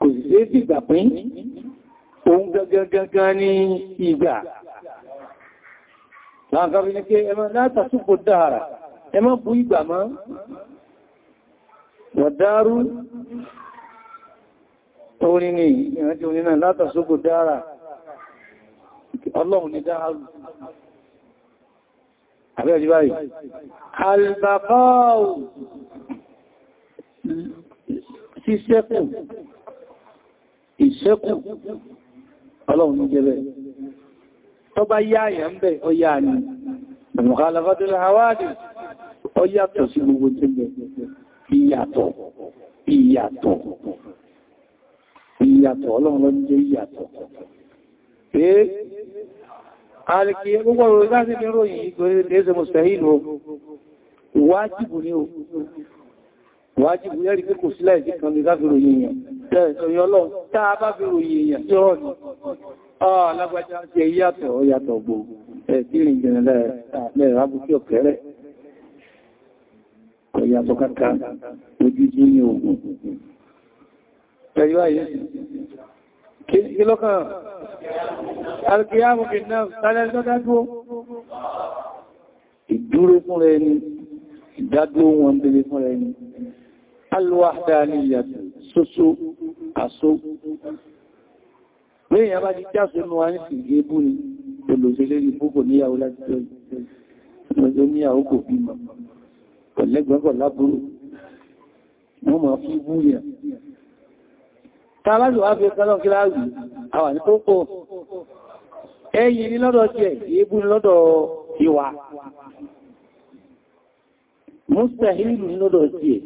kò sì ṣe é fi ìgbà pín, òun gangan ní ìgbà. Láàkàrí ní pé ẹmọ orin ni ìrántí orin náà látàsókò dára ọlọ́run ni dára àbẹ́ ọjí báyìí albàbáwò síṣẹ́kù ìṣẹ́kù ọlọ́run ní jẹ́bẹ̀ tó bá yá àyà ń bẹ̀ ọya ni mọ̀kálàfàtílá àwádìí ọyàtọ̀ sí gbogbo jẹ́bẹ̀ ìyàtọ̀ ọlọ́run jẹ́ ìyàtọ̀ pé alìkì púpọ̀ rò láti fi ròyìn ní ròyìn èèyàn tẹ́ẹ̀sọ̀yọ́ ọlọ́run tàà bá fi ròyìn èèyàn ọ̀yàtọ̀ kankan ojú jí ní ogun pẹ̀lú ayé kí lọ́kàn alkiyamu bin náà tààlẹ́ lọ́dájú ìdúró fún rẹ̀ ni ìdádó wọn bèèrè fún rẹ̀ ni alwahdaniyatu sóso àsó lẹ́yìn àbá jí jáso ní wọ́n sì gé bú ni olùsẹ́lẹ́ ìbú kò níyàwó láti tọ́jú níyàwó kò tàbátì wá fi kọ́lọ̀ kíláàzì àwà ní tó ẹ̀yìn ní lọ́dọ̀ jẹ́ ìébú ní lọ́dọ̀ ìwà mustahilu ní lọ́dọ̀ jẹ́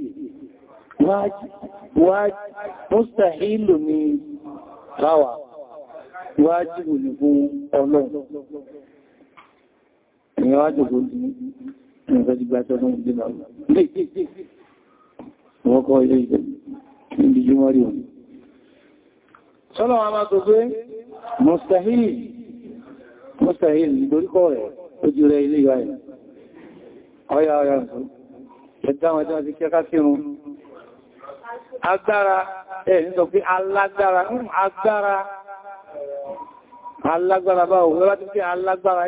mustahilu ní ráwà wájìbù ní fún ọlọ́run ìyẹn wájìbù ní ìfẹ́ ti gbá tọ́nà ìdínà Ṣọ́lọ́ wa máa tó pé mustahil, mustahil ìgbóríkọ́ rẹ̀ ojú rẹ̀ ilé ìwà ẹ̀. Ọya ọya ṣù, ẹ̀dá wọn jẹ́ kí ẹká kírun. Agbára, ẹ̀ ní sọ pé alágbára, hmm, agbára, alágbára bá òun lọ́wọ́ tí alágbára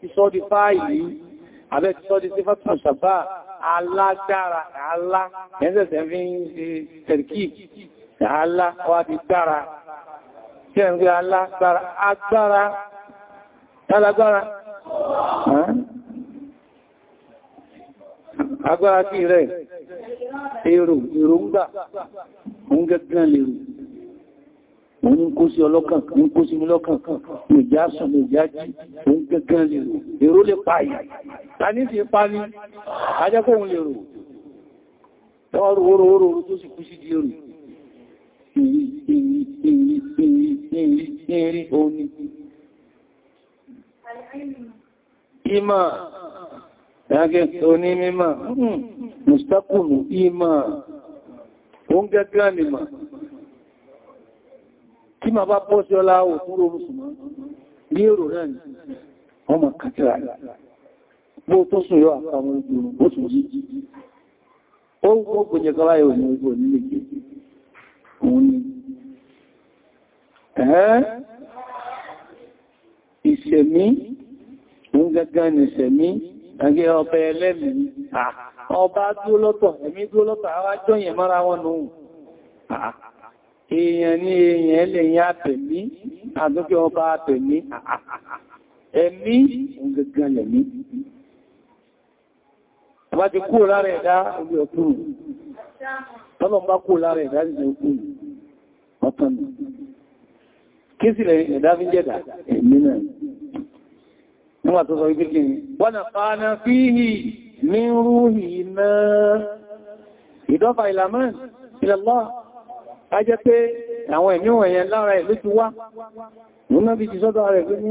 ti sọ́ di fáìlì, àbẹ́ ti sọ́ di sífàtàn ṣàbá, alágbára, alá, àálá wá ti gbára tí ẹ̀ ń gbé alágbára agbára tálágbára agbára kí rẹ̀ èrò èròǹgbà òun gẹ́gẹ́ lèrò òun ń kó sí ọlọ́kàn ń kó sí mílọ́kàn ìjá sùn ìjá jí òun gẹ́gẹ́ lèrò èrò lè pààyà tàní sí pa ní ajẹ́kọ̀ọ́un lèrò tọ́rọ oró oró tó sì kú sí di Ima oní. Ìmọ̀ mímọ̀, mùsùtákùnù ìmọ̀, oún gẹ́gẹ́ Kí ma bá bọ́ sí ọlá ò fún orú ní èrò náà ni, ọmọ kàtírà bó tó sùn yọ àpamọ́ ìgbòrò ó sùn yìí. Ó ń kó yóò ní òun ni ìṣẹ̀mí ń gẹ́gẹ́ ní ìṣẹ̀mí ẹgbẹ́ ọ̀fẹ́ ẹlẹ́mì ọba dúó lọ́tọ̀ ẹ̀mí dúó lọ́tọ̀ àwá jọyẹ̀ mara wọn nù èèyàn ní èèyàn ẹlẹ́yìn àtẹ̀mí àdúgbẹ́ ọba àtẹ̀mí ẹ̀mí ń gẹ́gẹ́ lẹ̀mí ọba ti kúrò lára ẹ̀dá orí ọkùnrin tọ́lọ̀n bá kó lára ẹ̀dá ìjẹ òkú ọ̀tọ́nà kí sí lẹ ẹ̀dá fi jẹ́dà ẹ̀mí náà nígbà tó sọ wípé kí ni wọ́n a jẹ́ pé àwọn ẹ̀mí wọ̀nyẹn lára ẹ̀ ló ti wá múná bí ti sọ́dọ̀ rẹ̀ pé ní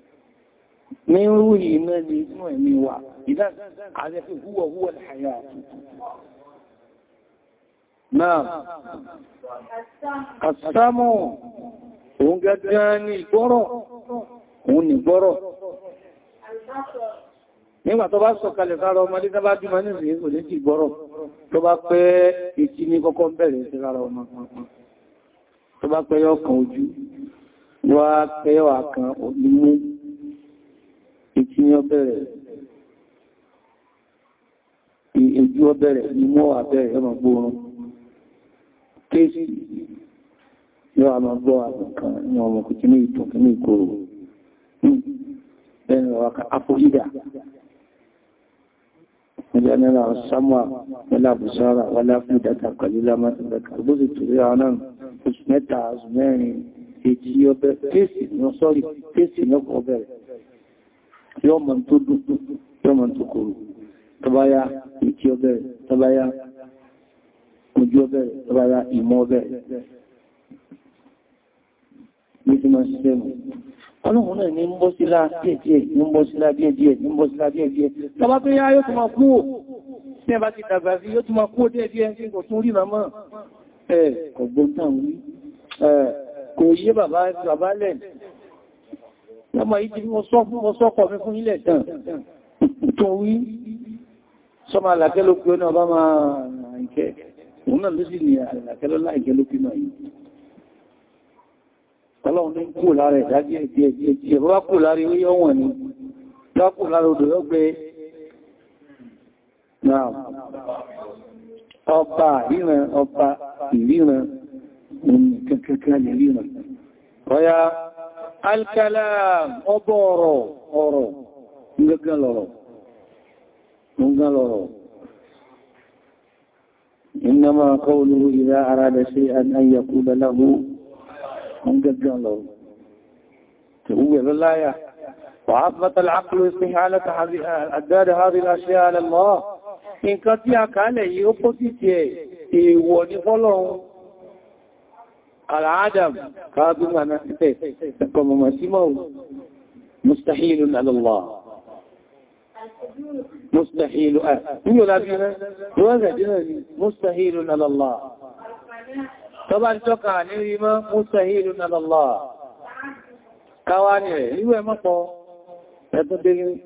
ní rúrì iná ní inú ẹ̀mí wa ìdán àrẹ́fẹ́ húwọ̀ húwọ̀ àyà náà àsámọ̀ òun gẹ́gẹ́ ní ìgbọ́rọ̀ òun ní ìgbọ́rọ̀ nígbà tó bá sọ̀kalẹ̀ sára ọmọdé tó bá bímọ ní ìrìnkò lè ti gbọ́rọ̀ tó bá pẹ́ ìtí ní kọ́kọ́ bẹ̀rẹ̀ sí lára ọmọ tó bá pẹ́ yọ́ kan ojú wá pẹ́ yọ́ àkàn òní mú etí ó bẹ̀rẹ̀ ojú ó bẹ̀rẹ̀ imú ó bẹ̀rẹ̀ ọmọ gbóòrùn kéèsì yóò àmà gbọ́ àbùkan ní ọmọ kò tí ní ìtùn kí ní ìkòrò ẹni ọ̀wọ́ka afọ́jídà ọjọ́ nílá ọ̀sánmà wọlábùsára wọlábùdátà kọlílá mọ́tàbẹ̀kà bó sì tùrí àwọn oṣù mẹ́ta oṣù mẹ́rin èjì ọbẹ̀ kéèsì ní ọkọ̀ bẹ̀rẹ̀ yóò mọ̀ tó dúdú yóò mọ̀ tó kòrò tọbáyá ìkí ọbẹ̀ tọbáyá ojú ọbẹ̀ tọbáyá ìmọ̀ ọbẹ̀ ní ti máa ṣiṣẹ́ mọ̀ ọlọ́run náà ní ń bọ́ sílá díẹ̀díẹ̀ ní ń bọ́ sílá díẹ̀díẹ̀ ní ń bọ́ sílá díẹ̀díẹ̀ tọba pé yá yóò tún máa kúò lọ́mọ yìí tí mo sọ fún mo sọ́kọ̀ mi fún ilẹ̀ tàn tó wí sọmọ àlàkẹ́ ló pí ọ náà bá máa ìkẹ́ òun náà ló sì ní àlàkẹ́ ló láìkẹ́ ló pí náà yìí ọlọ́run ní kú lára ẹ̀dá díẹ̀ díẹ̀ díẹ̀ díẹ̀ bá kú lára ewé yọ́wọ̀n ni bá kú lára odò lọ́gbẹ́ ọba ìríran ọba ìríran alkalam ọbọ̀ ọ̀rọ̀ ọ̀rọ̀ ǹgangan lọ̀rọ̀ ǹgangan lọ̀rọ̀ innama qawluhu idha arada shay'an an yaqula lahu ǹgangan lọ̀rọ̀ tí ó wẹ̀rọ láyà وعظمة العقل استحالة أداد هذه على الله nǹkan tí a kàálẹ̀ yìí ó العدم عدم قال ما إيه، مستحيل على الله مستحيل آه، مستحيل على الله طبعا توقع نريما مستحيل على الله كواني ايوه ما تتدل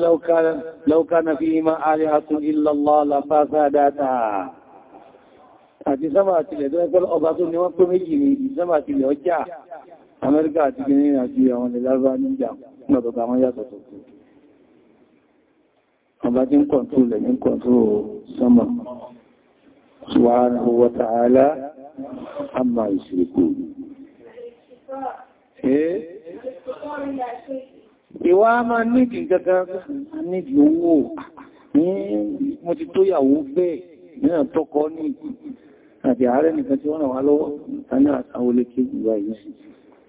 لو كان لو كان فيهما آلهة إلا الله لفسدتا àti sábà àtìlẹ̀ tó ẹgbẹ́ ọba tó ní wọ́n pé méjì ní ìsábà àtìlẹ̀ ọjà Amẹ́ríkà àti Benin àti àwọn ilẹ̀ Lárúbá ní ìjà gbọ́dọ̀gbà wọn yàtọ̀ tó kù ọba tí ń kọ̀ntú lẹ̀ ní kọ̀ntú sọ́mà subhanahu wa ta'ala amma ìṣirikú ìwá máa nídìí gẹ́gẹ́ nídìí owó ní mo ti tó yàwó bẹ́ẹ̀ nínà tọ́kọ ní àti ààrẹ nìkan tí wọ́n ràn wá lọ́wọ́ tánà àwọn olè kí ìwà yìí sí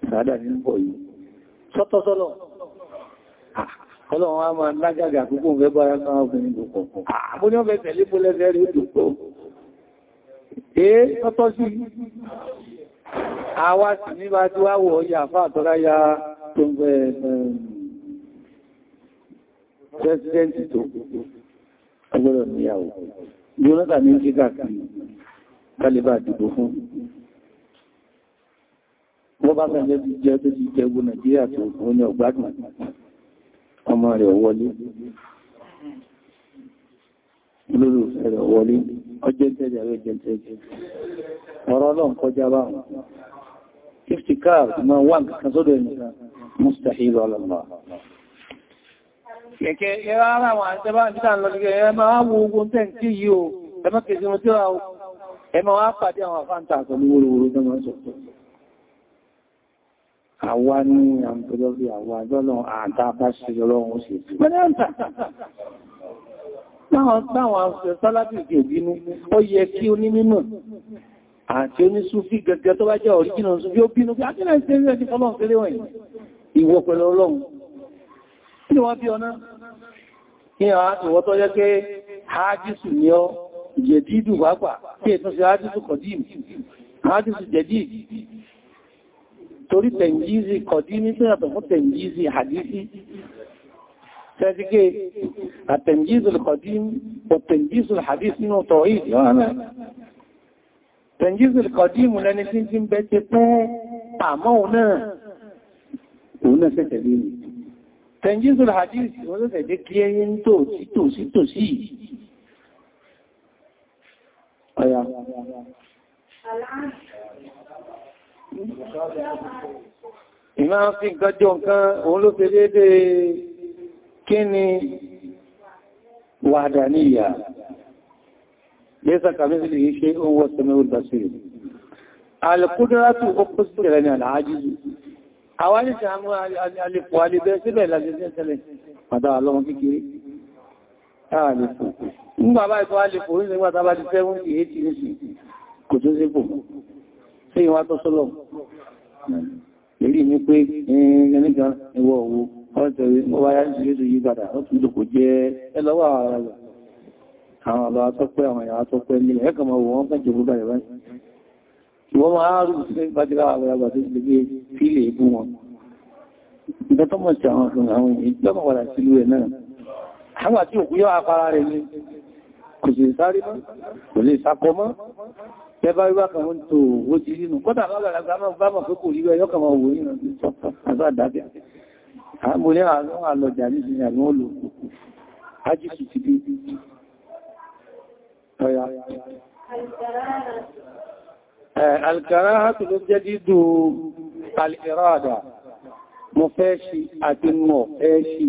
sàádà ní pọ̀ yìí sọ́tọ́sọ́lọ̀ ọlọ́run a máa lágàgà púpọ̀ fẹ́ bára sáwọn obìnrin púpọ̀ àbú ní ọ̀fẹ́ tẹ̀lé bó lẹ́fẹ́ rí òdùpọ̀ ee sọ́tọ́ sí àwa sì ní bá tí wá wọ̀ ọyà àfáà tọ́rá ń fẹ́ pẹ́sidẹ́ntì kálíbà dìbò fún wọ́n bá fẹ́ jẹ́ tó ti jẹ́ gbogbo Nàìjíríà tó wọ́n ní ọgbádùn ọmọ rẹ̀ wọlé olóòfẹ́ rẹ̀ wọlé ọjọ́ ìtẹ́jẹ̀ rẹ̀ jẹ́ ìtẹ́jẹ̀ ọ̀rọ̀ ọlọ́run kọjá báwọn iftikar ma wà nǹkan sọ́dọ̀ ẹnìkan mustahil ọlọ́lọ́ kẹ̀kẹ́ ẹ̀rọ ara wọn àti ẹbá ẹmọ wá pàdé àwọn àfáǹtà àtọ̀ ní wòròwòrò tó mọ́ àwa ní àmìtọ́jọ́ àwa jọ́lọ àtà bá ṣe sí Táwọn àti onísúfí gẹ́gẹ́ tó bá jẹ́ ọ̀ríjìnà súfí ó bínú bí akínà ìṣẹ́lẹ̀ ti fọ́lọ̀ fẹ́lẹ̀ wọ̀nyí. Ìwọ pẹ̀lú Ọlọ́run. Kí wọ́n bí ọ Kí ni tó yẹ pé hájísù ni ọ jẹ̀dídù wápà tí ẹ̀tún sí hádìsù kọ̀dímù hádìsù jẹ̀dídù torí tẹ̀ǹjízi kọ̀dímù tó yàtọ̀ fún tẹ̀ǹjízi hadisi tẹ́síké àtẹ̀ǹjízi kọ̀dímù ò tẹ̀ǹjízi hadisi nínú tọ̀rí tẹ̀ǹjízi kọ̀dímù lẹni tí ti ń bẹ́ ti pẹ́ àmọ́ náà òun náà sẹ́sẹ̀ lé mi tẹ̀ǹjízi hadisi wọ́n sẹ́sẹ̀ dé kí ẹyẹ ń sí tò sí tò sí yìí Ọ̀yà. Ìmá fi gọjọ nǹkan òun ló fi dédé kí ni wàdà ní ìyà. Lẹ́sà kàmí sílè yìí ṣe oun wọ́n sọmọ olùbàṣì. Alìkúdúrátù ó kó sílẹ̀ rẹ̀ ní àlàájíjú. Àwọn ní àmú alìpò alìbẹ́ sílẹ̀ Nígbà Èrí ní pé ẹnìkan ìwọ̀ owó, ọ̀tẹ̀rẹ̀ mọ́ wáyá sí yóò yí padà, ó tún dùkò jẹ́ ẹlọ́wọ́ ara rẹ̀. Àwọn àbá tọ́pẹ́ àwọn ìyàwó tọ́pẹ́ nílẹ̀, ẹ̀kọ̀ wọ́n kẹ́ kò sì sáré mọ́ kò lè sakọ mọ́ tẹ́bá wíwá kan wọ́n tó owó ti rínú kọ́tà lágbàlagbà máa bá mọ̀ pé kò rí ẹyọ́ kan wọ́n wò ní ọjọ́ àdábẹ́ mo ní àwọn àlọ́jà ní ìsinmi àwọn olóòkú ajíkì ti bí ọya alkarahatu ló jẹ́ dídò alìrádà mo fẹ́ ṣe àti mọ̀ fẹ́ ṣe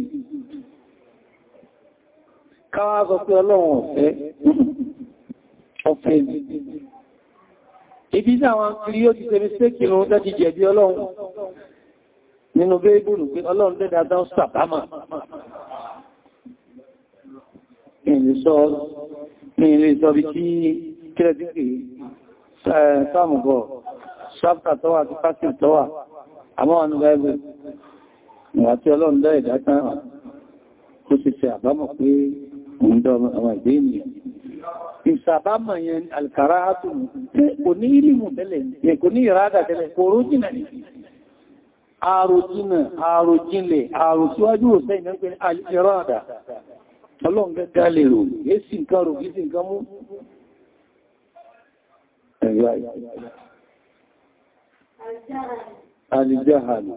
káwà sọ pé ọlọ́run ọ̀fẹ́ ọ̀fẹ́ <laughs> ni ibi tí àwọn kiri yóò ti tẹ́mi sékì lóun tẹ́ ti jẹ̀bi ọlọ́run nínú bẹ́ẹ̀bùlù pé ọlọ́run lẹ́dà dán sàbámà ìrìn sọ bí kí kírẹ́dìkì sáàmùgọ̀ ṣáptà tọ́wà àti pásìl tọ́wà àmọ́ wọn bẹ́ẹ̀bù ìwà tí ọlọ́run lẹ́dà dán kó sì fẹ́ àbámọ̀ pé ọ̀dọ́ ọmọ ìgbé ènìyàn ìsàbámà yẹn alkara hátùn kò ní ìlìmù tẹ́lẹ̀ yẹ kò ní ìrádà tẹ́lẹ̀ kò rójìnà ní àròjìnà àròjìnlẹ̀ àròsíwájú òsẹ́ ìmẹ́pẹ́ alìrádà ọlọ́ngẹ́gá lè rò èsì nǹkan rò gísì nǹkan Àlìjáhàlì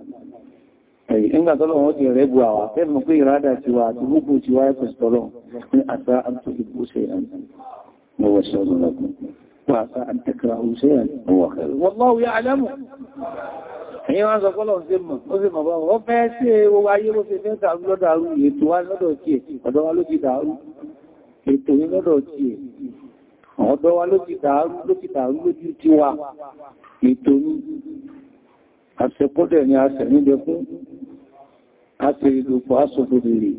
ìgbàtọ́lọ̀ wọ́n ti rẹ̀ bu àwà fẹ́mù pé ìrádà ti wà àti gbogbo ti wáyé pẹ̀sọ̀lọ̀ ní àṣà àti ìbò ṣe ìrànlọ́wọ́ ṣọ́rọ̀ lọ́gbọ̀n وعسى والله يعلم ẹ̀yìn wọ́n sọ fọ́lọ̀ ṣe mọ̀ ó sì mọ̀ bọ́ wọ́n fẹ́ sí owó ayé ló fi fẹ́ tàbí lọ́dọ̀ àrú ètò wá lọ́dọ̀ tí ẹ̀ ọ̀dọ̀ wa ló ti dàrú ètò ní àṣẹkọ́dẹ̀ ni a ṣẹ̀ níbẹ̀ fún àti ìlúpọ̀ aṣòfòdìrì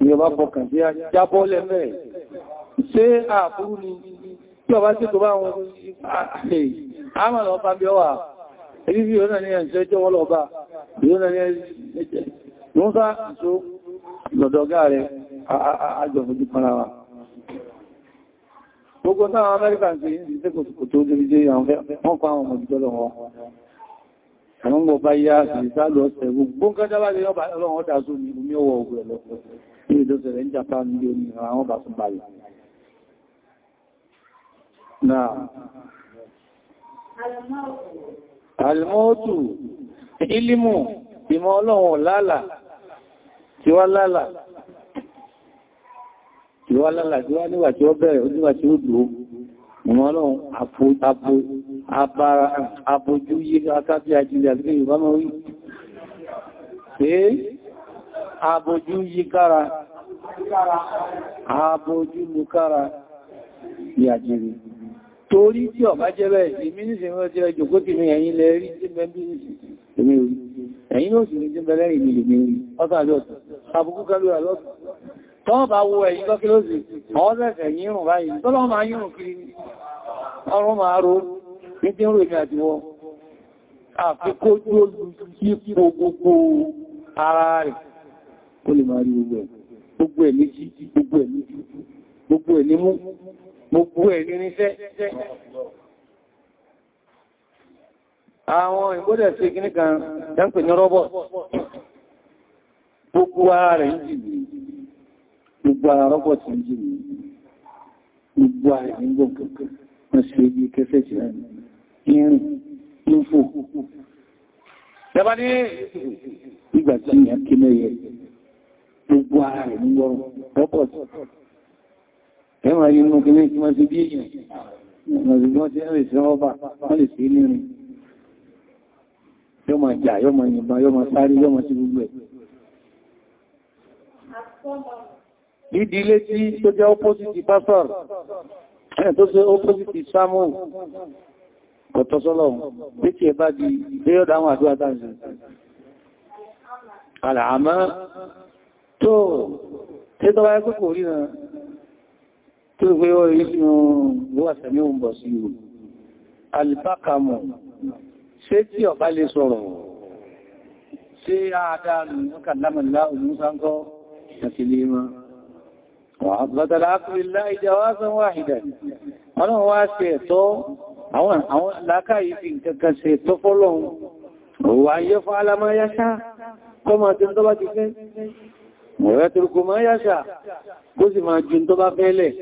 ni ọba fọkàn tí a jábọ́ lẹ́mẹ́ ṣe àbúrú ni tí ọba sí tó bá wọn àmà lọ bá bí ọwà ẹbí bí ọ̀nà ní ẹ̀ṣẹ́ jẹ́ wọ́n lọ́ba ìrọ́nà ní ẹ̀ṣẹ́ lọ́sá àṣó lọ́dọ̀gá rẹ̀ àjọ̀fojú kanra wa gbogbo táwọn Amẹ́ríkà ń ṣe ìṣẹ́kòtò tó débi jẹ́ àwọn fẹ́ wọ́n pa àwọn ọmọ ìjọ́lọ̀ wọn àwọn ọmọ bá yá ìsálò ọ̀sẹ̀ gbogbo kọjá bá lè ọba ní omi ọwọ́ ogun ẹ̀lọ́ ní ìdọ́sẹ̀ ń jàpá ní omi àwọn ọba tún báyìí náà alìmọ́ọ̀tù ilímù ìmọ̀ ọlọ́run lálà tiwá lálà tiwá lálà níwà tí ó bẹ̀rẹ̀ ìwọ̀n lọ́wọ́n àpòjú yí akábí ajílẹ̀ àti Yorùbá mọ́ rí pé àbòjú yí kára àbòjú mú kára ní àjílẹ̀ torí tí ọ̀bá jẹ́ bẹ́ẹ̀ ìmí ní ìsinmi ọjọ́ ìjòkó ti ní ẹ̀yìn lẹ rí tí mẹ́bí ẹ̀yìn òsì ní tí mẹ́lẹ́rìn ìlú mi rí ọ́tà lọ́tù tọ́wọ́ bá wo ẹ̀yìn lọ́kílósì ọ̀ọ́sẹ̀sẹ̀ yírùn báyìí tọ́lọ́ máa yírùn kiri ọrún máa ro ní tí ń rò èmì àtiwọ́ àfikójú olùsípò gbogbo ara rẹ̀ kó lè máa rí gbogbo ẹ̀ gbogbo ẹ̀ méjì gbogbo ẹ̀ nímú gbogbo àwọn ìgbódẹ̀ sí kíníkan jẹ́ ń pè ní rọ́bọ̀ gbogbo ara rẹ̀ ń jìbì gbogbo ara rọ́pọ̀ ń jì ní gbogbo ara ní gbogbo wọ́n sì rí kẹfẹ́ jì rẹ̀ irin ló fò lẹ́bàdí tí ìyà rẹ̀ ní rọ́pọ̀ wọ́n ti bí èèyàn Yọ́ ma jà, yọ́ yìnbọn, yọ́ sáré, yọ́ ma gbogbo ẹ̀ nídi ilé tí tó jẹ́ opposite pastor tó ṣe opposite samu ọ̀tọ́sọ́lọ́hun bí kí ẹ bá di déyọ́dá àwọn àdúrà dáńsì alàmá tó tí tó bá ẹkùn kò rí náà tó gbé orí sínú lówàsẹ̀mí òun bọ̀ sí ìrù alìbákamù ṣé tí ọ̀bá lè sọ̀rọ̀ ṣé àádáa lùmọ́kà lámàlá òun sáńkọ́ àti lè وأثبت العقل لله جوازا واحدا أنا هو سيتو أو أو لا كيف كسيتو فلون هو يفعل ما يشاء كما تنتبه تفعل ويترك ما يشاء كوزي ما جنتبه فعله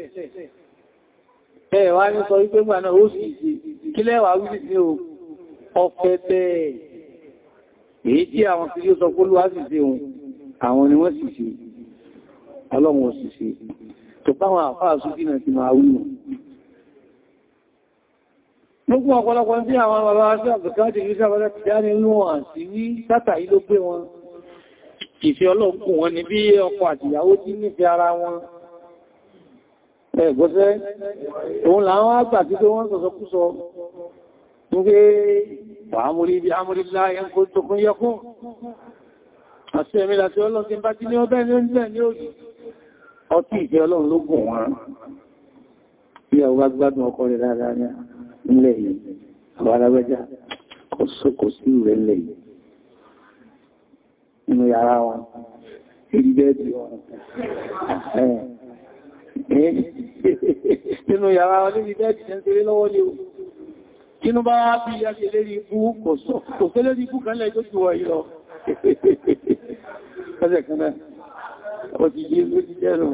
ẹ̀wà ní sọ wípé gbà náà ó sì kí lẹ́wà wípé ní o ọ̀fẹ́ bẹ́ẹ̀ èyí tí àwọn tí ó sọ pólúwá sì sí ohun àwọn ni wọ́n sì sí ọlọ́run òṣìṣẹ́ tó báwọn àfáà sókí náà ti máa wúlò gbogbo ọ̀pọ̀lọpọ̀ tí àwọn bàbá aṣọ́ àbùkátì ìrísà bàbá ti dáni inú àti ní sátà yìí ló wọn ìfẹ́ ọlọ́pùn wọn ni bí ọkọ àtìyàwó tí nífẹ́ ara wọn ẹgbọ́sẹ́ òun làwọn àgbà tí tó wọ́n sọ̀sọ̀ kú sọ ọtí ìfẹ́ ọlọ́run ló gùn wọn bí ọwá gbádùn ọkọ rẹ̀ dáadáa ní ilẹ̀ yìí àwọn alágbẹ́já kò sókò sí rẹ̀ ilẹ̀ yìí inú yàrá wọn ìrí bẹ́ẹ̀dì wọn inú yàrá wọn níbi bẹ́ẹ̀dì ṣe ń tẹ́rẹ lọ́wọ́ ní o kínú bá wá bí yá ṣe lérí ikú kò sọ kò fẹ́ lérí ikú kan lẹ́ ó ti yé ló ti jẹ́nu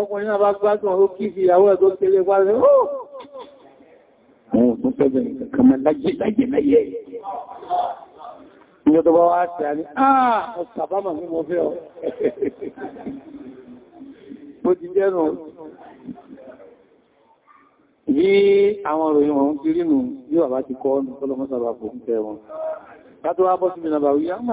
ọkùnrin náà bá gbádùn ó kí sí ìyàwó ẹ̀tọ́ kéré wá rẹ̀ ó àwọn òtún fẹ́bẹ̀ kàmà láyé láyé láyé ní ọdọ́ bá wá tẹ́ àní àà ọ̀sàbámà ní mo fẹ́ ọ bó <laughs> ti jẹ́nu yí àwọn òròyìn wọn ti rínú yóò àbá ti kọ́ ọ́nà ń tẹ́ wọn látọ́wà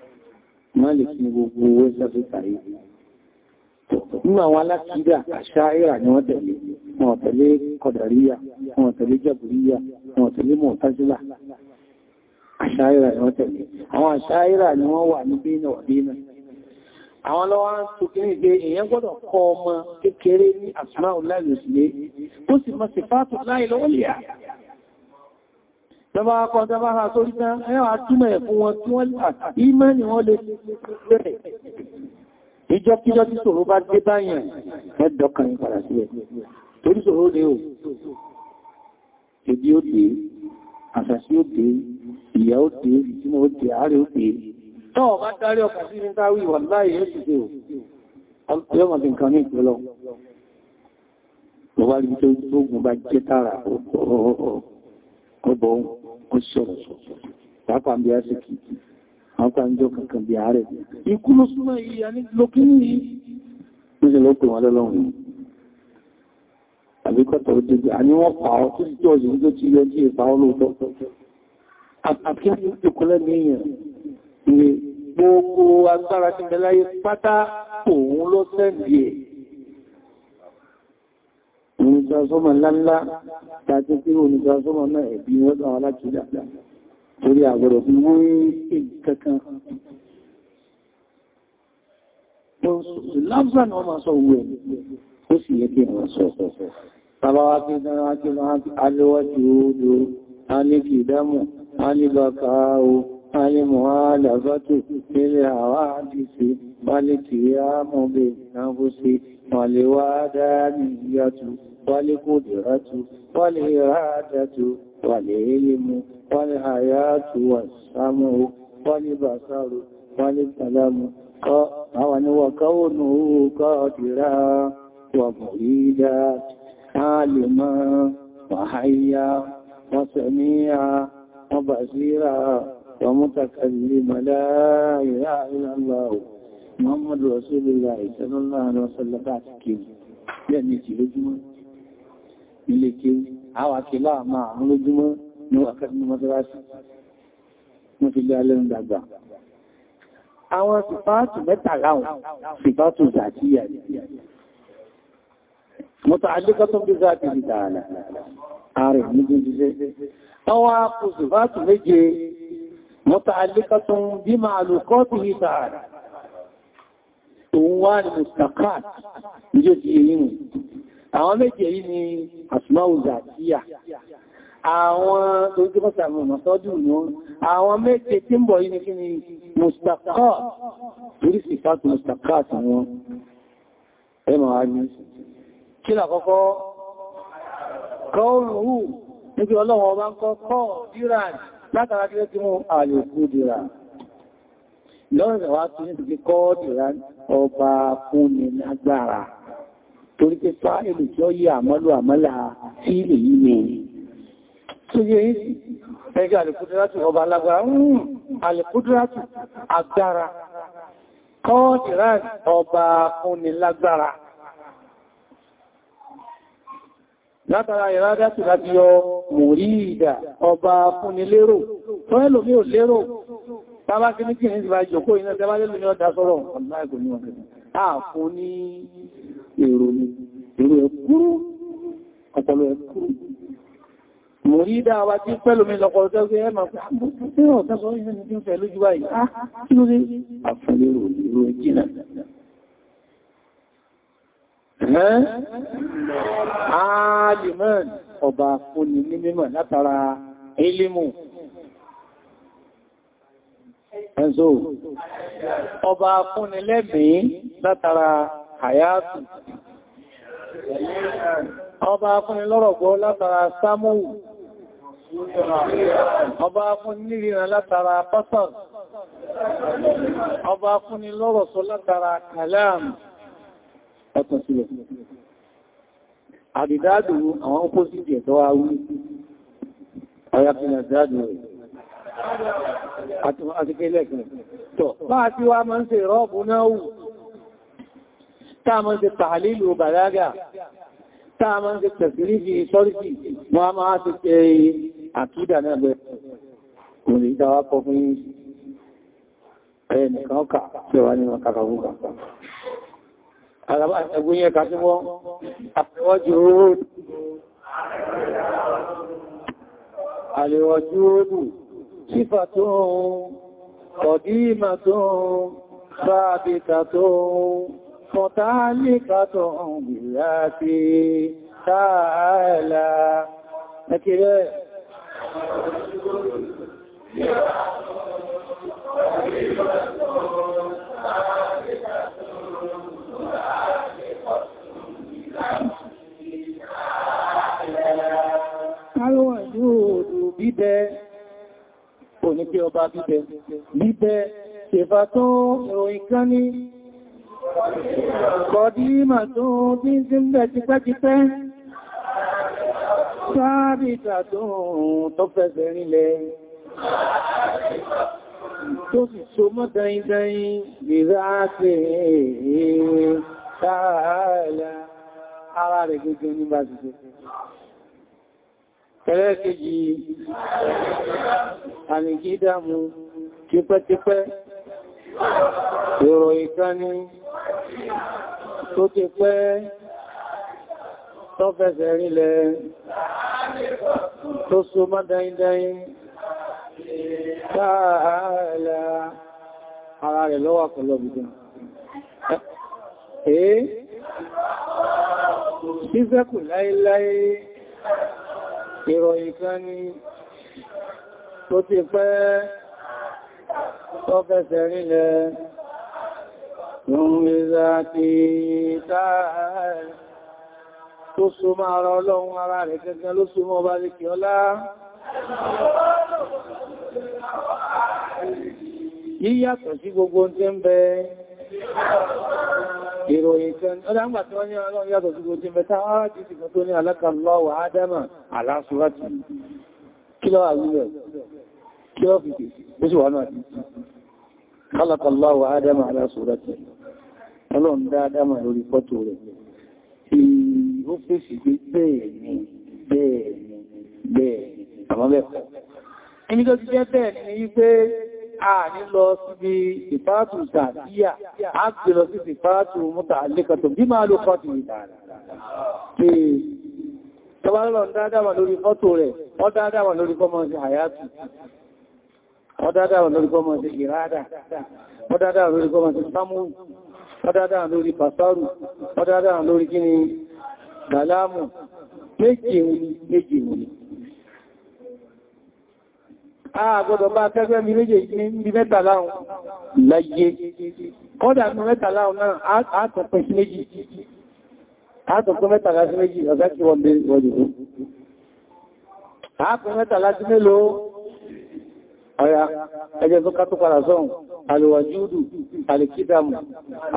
Malik ní gbogbo West Africa yìí. Nínú àwọn alákìídà ni wọ́n tẹ̀lé, wọ́n tẹ̀lé Kọ̀dàríyà, wọ́n tẹ̀lé Jàbúríyà, wọ́n tẹ̀lé Mọ̀tásílà. Àṣáírà ni wọ́n tẹ̀lé. Àwọn àṣáírà ni wọ́n wà ní Bínà Wàdínà. Àwọn lọ́wọ́ ń sókè ní pé èèyàn gbọ́dọ̀ kọ ọmọ kékeré ní Asmaul Láìlú sílé, ó sì mọ́ sí fátù láìlọ́ọ̀lìyà. Tọba akọ́ tọba ha sórí tán, ẹwà túnmọ̀ ẹ̀ fún wọn tí wọ́n ìmọ̀ ni wọ́n lè bẹ̀rẹ̀. Ìjọ kíjọ tí ṣòro bá dé báyàn, ẹ̀dọ̀kan ìpàdà sí ẹ̀. Torí ṣòro ní ò, èdí ó dé, àṣàṣí ó dé, ìyà ó dé, ìtímọ̀ ó dé, ààrẹ ó dé. Tọ́ọ̀ bá dárí ọkà sí ní táwí wà láì ẹ́ ṣùgbẹ́ ò. Ọlọ́mọ̀ ti nǹkan ní ìpínlọ́. Lọ bá rí tó gbogbo bá jẹ́ tààrà ọ̀bọ̀ kó sọ̀rọ̀ pàápàá bí àṣìkì pàápàá ń jọ kankan bí ààrẹ ikú ló súnmọ́ ìyà ní lókínní ní ṣe lọ́pẹ̀ wọn lọ́lọ́run àbíkọ́tọ̀ ó dédé àní wọ́n pa ọ́ tó sì tó ọ̀sẹ̀ tó ti yọ sí ìpa olóòtọ́ àkíyàn ìkọlẹ́ ní èèyàn ni gbogbo agbára onígbàsọ́mọ̀ ńláńlá tàbí tí onígbàsọ́mọ̀ náà ẹ̀bí wọ́n tàwọn alákìílà torí àgbọ̀rọ̀ fún wọ́n kankan lábùsàn wọ́n máa sọ owó ẹ̀ ó sì yẹ kí wọ́n sọ bàbá wa kí dára kí wọ́n alẹ́wọ́ tí ó dúró a ní kìdámù a المغالبة في الحوادث والقيام بالنفس والوادانية والقدرة والإرادة والعلم والحياة والسمع والبصر والكلام وكونه قادرا ومريدا عالما وحيا وسميعا وبصيرا ومتكذب لا إله إلا الله محمد رسول الله صلى الله عليه وسلم كيو lẹ́ni tí lójúmọ́ ilé kí àwàkí láàmà àwọn lójúmọ́ ní wákàtí mọ́sálásí wọ́n fi lé alẹ́rùn dàgbà àwọn sífàátù mẹ́ta láwọn sífàátù zàtíyà mọ́ta alẹ́kọ́tọ́ bí zàtí ìdáàlà ààrẹ nígbẹ́ متعلقة بمعلوقاته تعالى وان مستقات جزئين àwọn méjì yìí ni àsìmáwò zàtíyà àwọn orígbọ́sà mọ̀sọ́dún ní àwọn méjì tí ń bọ̀ yìí ni kí ni mustaqat orísì fàtí mustaqat wọn ẹmọ̀ àmì kí làkọ́kọ́ kọ́ látara kí ló ti mú àlè kúdìrà lọ́rẹ̀ wá tí ní ti kọ́ọ̀dìrà ọba fúnni lágbára torí pé fáìlì tí ó yí àmọ́lù àmọ́là tí ilè yí ni ẹgbẹ́ àlèkúdírátù ọba lágbára ọba lágbára látara ìrádá tí láti yọ mòrí ìdà ọba fúnnilérò tó ẹlò mí ò lérò tàbá kí ní kí ní ìgbà ìjọkó iná tẹ́bá lélò ní ọdá sọ́rọ̀ mòrí ìdá wa tí pẹ́lú mi lọ́kọ̀ ọjọ́ pé ẹmà pẹ́ ọ̀tọ́ sọ́rọ̀ ìrìn ní fẹ́ lójú báyìí á ah, kí ló rí àfẹ́lérò ìrò Aliman ọba fúnni ní mímọ̀ látara ilimu. Ẹzọ́ ọba fúnni lẹ́bìí látara hayatu. Ọba fúnni lọ́rọ̀gbọ́ látara samu. Ọba fúnni níríran látara pasar. Ọba fúnni lọ́rọ̀ sọ látara kalam. ẹ̀tàn sílẹ̀. Àdìdáàdù àwọn opposite ẹ̀tọ́ wa wí, ọ̀yá fi àdìdáàdù rẹ̀. Àti kẹ́lẹ̀ kan. Tọ̀, máa tí wá máa ń ṣe rọ́ọ̀bù náà wù, táà máa ń ṣe tààlìlù bàlágà, táà máa ń ṣe tẹ̀sìrífì sọ́rífì, wọ́n a máa ti ṣe àkídà náà bẹ̀rẹ̀. Kò lè dáwà kọ fún ẹnìkan kà tí wà ní ọkàkàkùnkà àràbà ẹgbẹ́ yẹn kà sí wọ́n àpẹwọ́jú ròdù àlèwọ̀jú ròdù sífà tó قديمة ثابتة متعلقة بالله تعالى نكرة قديمة ثابتة Káríwà yóò rò bíbẹ́, kò ní pé ọba bíbẹ́, bíbẹ́ ṣèfà tó ìròyìn kan ní kọ̀dímà tó tí ń sí mẹ́ tipẹ́tipẹ́, sáàbìtà tó tó fẹ́sẹ̀ rílẹ̀. Sáàbìtà tó tó sì so mọ́ dáindáin ìrá ṣe èèyàn sáàlá ara rẹ̀ gbogbo ní bá ti ṣe ẹlẹ́kejì àmìgídàmù tipẹ́tipẹ́ ìrọ̀ ìkání tó ti pẹ́ tó fẹsẹ̀ rílẹ̀ tó so mọ́ dáindáin Tààlà ara rẹ̀ lọ́wọ́ pẹ̀lú ọ̀bìdàn. Èé? Ṣíṣẹ́kù láíláí ìròyìn kan ni tó ti pẹ́ tọ́fẹ́sẹ̀ rílẹ̀ Rúnmìzà ti tààlà tó súnmọ́ ara ọlọ́run ara rẹ̀ gẹ́gẹ́ ló súnmọ́ bá lè kí ọlá yíyàtọ̀ sí gbogbo tí ń bẹ ìròyìn kan ọdá ń gbà tí wọ́n ní ọlọ́run yàtọ̀ sí gbogbo tí ń bẹ táwọn ará ti sìnkàn tó ní alákàlọ́ wà ádámà aláṣúwátì kí lọ àwúrẹ̀ kí lọ fìdí ó sì wà náà ti alákàlọ́ wà ádámà aláṣúwátì ọlọ́run bẹ́ẹ̀ ni bẹ́ẹ̀ àní lọ síbi ìfàátù ìsàdíyà a ti lọ sí ìfàátù múta àlékàtò bí máa ló kọ́ ti Tọbálọ́ dáadáa lórí fọ́tò rẹ̀, ọ dáadáa lórí kọmọ̀ sí àyátù, ọ dáadáa lórí kọmọ̀ sí ìrádà, ọ dáadáa lórí kọmọ̀ sí sámú, ọ dáadáa lórí pàṣárù, ọ dáadáa lórí kíni, méjì ìwúni, méjì ìwúni àgbọ́dọ̀ bá kẹgbẹ́ mi méjèèjì ní mẹ́ta láhùn láyé kọ́dà ní mẹ́ta láhùn náà àtọ̀pẹ́ sí méjì àtọ̀pẹ́ mẹ́ta láti méjì ọ̀gá kí wọ́n bẹ wọ́dìdó àpẹ́ mẹ́ta láti mélòó ọ̀yá ẹjẹ́ tó ká tó padà sọ́hùn alìwàjúdù alìkídàmù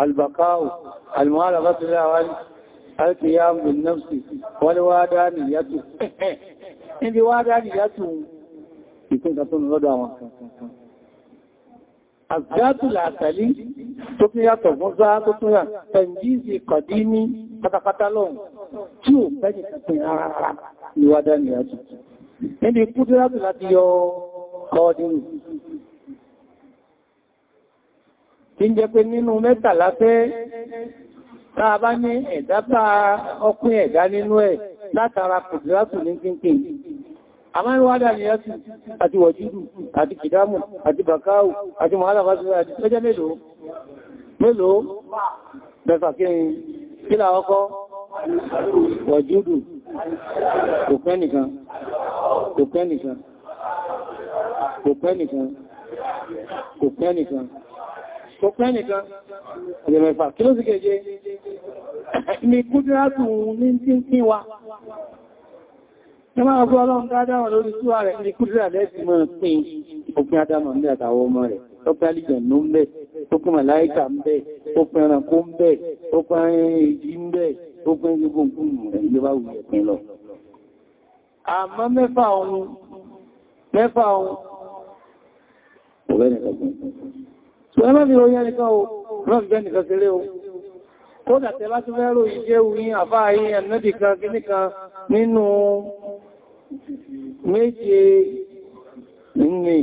albàkáù alìmọ́hálà bá ti láwárí alìkìyàmù bin nafsi wọ́n ni <laughs> wá dá nìyàtù ìpín kan tó lọ́dọ̀ àwọn kankan. Àzátùlà àtàlí tó tún yàtọ̀ fún zá tó tún yà tẹ̀njíìsì kọ̀dí ní pátápátá lọ́hùn tí ò pẹ́ nìkan rárá níwádá ni àjò. Níbi kúdúrátù láti yọ kọ́ọ̀dínù. Tí ń jẹ pé nínú mẹ́tàlá fẹ́ táa bá ní ẹ̀dá bá ọkùn ẹ̀dá nínú àmáríwádà ni yásù àti wọ̀júdù àti kìdámù àti bàkáwù àti mọ̀hálà fásitì àti tẹ́jẹ́ mélòó mélòó mẹ́fà kírin kí láwọ́kọ́ wọ̀júdù kò pẹ́ nìkan kò pẹ́ nìkan kò pẹ́ nìkan kò pẹ́ nìkan kò pẹ́ nìkan ọ̀dẹ̀ mẹ́fà kí ló sì kéje ní kúdírátù ní tí ń kí Ẹmá ọgbọ́ ọlọ́run dáadáa lórí súwà rẹ̀ ní kúrò lẹ́sì mọ́ pín òpin Adámọ̀ ní àtàwọn ọmọ rẹ̀, ọpẹ́ alìjẹ̀ ló ń bẹ̀, ókùn màláíkà ń bẹ̀, ókùn ẹranko ń bẹ̀, ókùn ìjì ń bẹ̀, ókùn gbogbo nǹkan rẹ̀ ló bá wù ẹ̀pin lọ. Àmọ́ mẹ́fà ohun, mẹ́fà ohun, ọ̀rẹ́ nìkan. Sọ ẹ kódà tẹ bá tún mẹ́rò ìjẹ́wù ní àfáà yí ẹ̀nàdì kan kí níkan nínú méje ní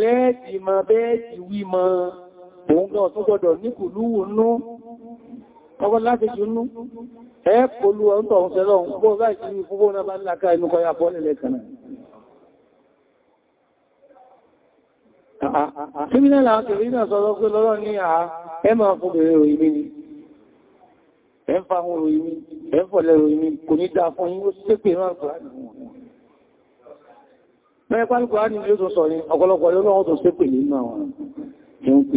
lẹ́ẹ̀tì ma bẹ́ẹ̀tì wí ma òun gan tún gbọdọ̀ ní kùlúwù nú ọgbọ́ láti jùnú ẹ kòlú ọ̀ntọ̀ òun tẹ́lọ gbọ́ láìsí fúgbó náà bá nílàkà inú kọ yà bọ́ọ̀lẹ̀ lẹ́kànnà Kí bí náà láwọn tèrè náà sọ lọ́gbé lọ́rọ̀ ní àá ẹ máa fún bèèrè òyìnbí ni ẹ àwọn òyìn mi ẹ ń mi kò ní dáa fún yín ó máa fà mẹ́rin pálùkù á ní ilé tó sọ ní ọ̀pọ̀lọpọ̀ ọlọ́wọ́ tó ṣépè nínú àwọn ìròyìn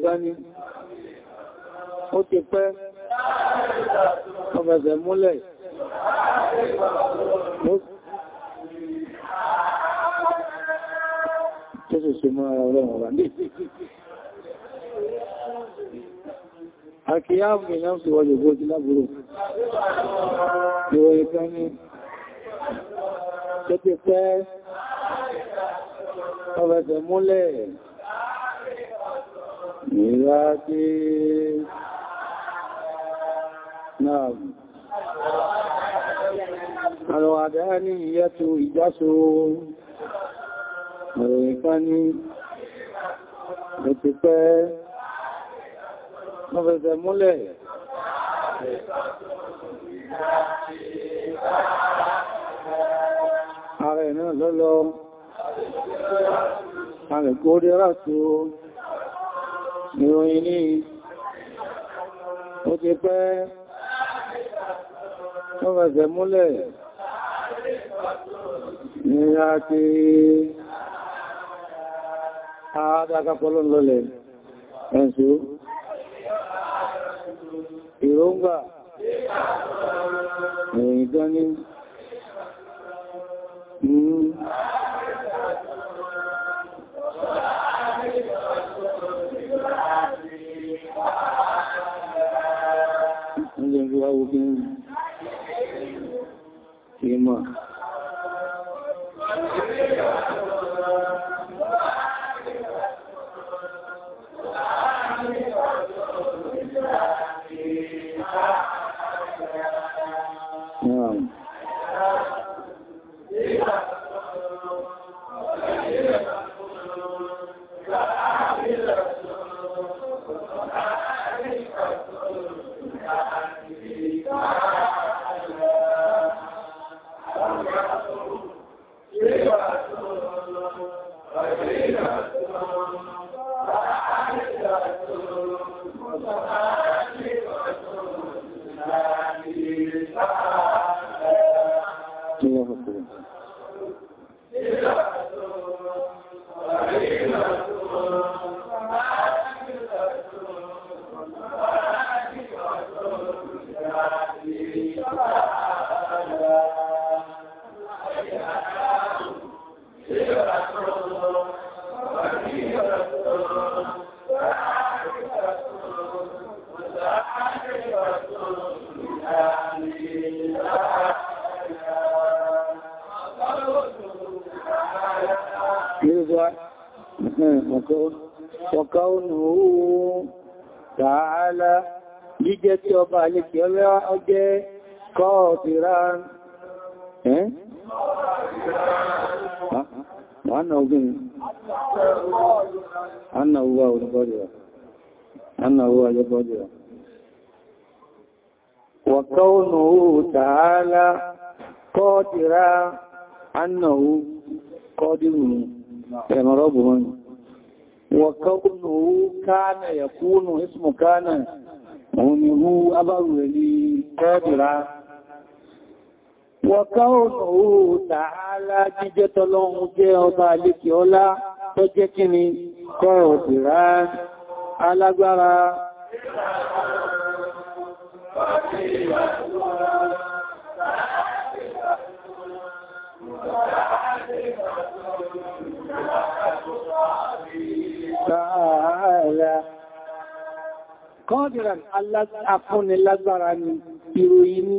gbá ní ó ti pẹ́ ọmọ̀ẹ̀sẹ̀ múlẹ̀ tó sì sí mọ́ ọlọ́run ọba ní àkíyàmù ìyàn sí wọ́n lògbó ti lábúrò ìwọ̀n ìkan ní tó ti pẹ́ ọmọ̀ẹ̀sẹ̀ múlẹ̀ ìrákí نعم الوعدانية إجاسو الوفاني الاتفاة نفذ ملي ààrẹ̀nà lọ́lọ́ àrẹ̀kóríra tó ìròyìn ní ó ti pẹ́ tó múlẹ̀ ní a ti àádákápọ̀lọ́ lọlẹ̀ ẹ̀ṣù ìróngbà èyí tó ní Oúnjẹ ìgbìyàwó know. kí ọba àlekì ọlá ọjẹ́ kọ́ọ̀tìrá ẹ́ Anna ogin, anna uwa olùbọ́dìrà, anna uwa olùbọ́dìrà. وكونه تعالى قادرا أنه قادر كما ربه وكونه كان يكون اسم كان òun ni hú abáwù rẹ̀ ní kọ́ọ̀dìrá wọ̀ká ọ̀nà ó tààlá jíjẹ́ tọ́lọ́run jẹ́ ọba alékì ọlá tó jẹ́ kí ni kọ́ọ̀dìrá alágbára Tààlá kọ́dìrán afúnnilágbára ni ìròyìn ni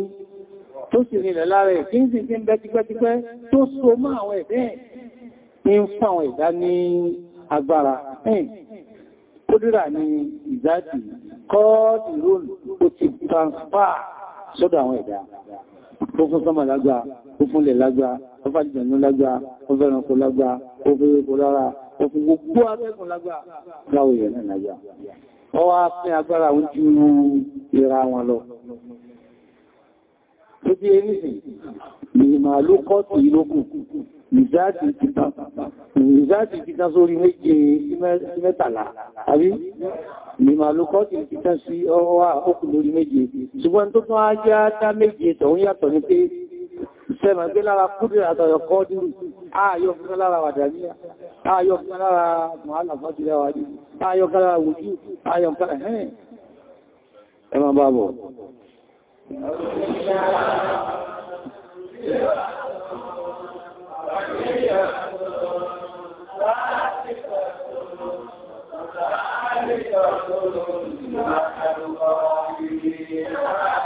tó sì rìnlẹ̀ lára ẹ̀ kí ń sì ti ń bẹ́ tipẹ́tipẹ́ tó so mọ́ àwọn ẹ̀bẹ́ ní ń fún àwọn ìdá ní agbára ẹ̀yìn kọ́dìrán ni ìdájì kọ́dìrán ó ti transfer sọ́dọ̀ àwọn ẹ̀dá ó fún sọ́mà lágbà ó fúnlẹ̀ lágbà ó fàjìjànú lágbà ó fẹ́ranko lágbà ó fẹ́ranko lára ó fún gbogbo atẹ́kùn lágbà láwọ̀ ìrẹ̀ náà lágbà wọ́n wá pín agbára ń ju ìra wọn lọ. Tó bí erísìn, ìmà ló kọ́tù ìlókù, ìzáàtì ìtìtàn, ìzáàtì ìtìtàn sórí méje sí mẹ́tàlá, àbí? Ìmà ló kọ́tù ìtìtàn sí ọwọ́ àkókù lórí méje. Ṣùgbọ́n tó tún á jẹ́ á dá méje tọ̀hún sẹ́mà gbé lára kúrò àtọ̀yọ̀ kọ́ dúró ààyọ̀ fún lára wàdàmíyà ààyọ̀ fún lára mọ̀hálà fọ́sílẹ̀ wà ní ààyọ̀ kára wùjú ààyọ̀ kára hẹ́n ẹmà bàbọ̀ Thank you.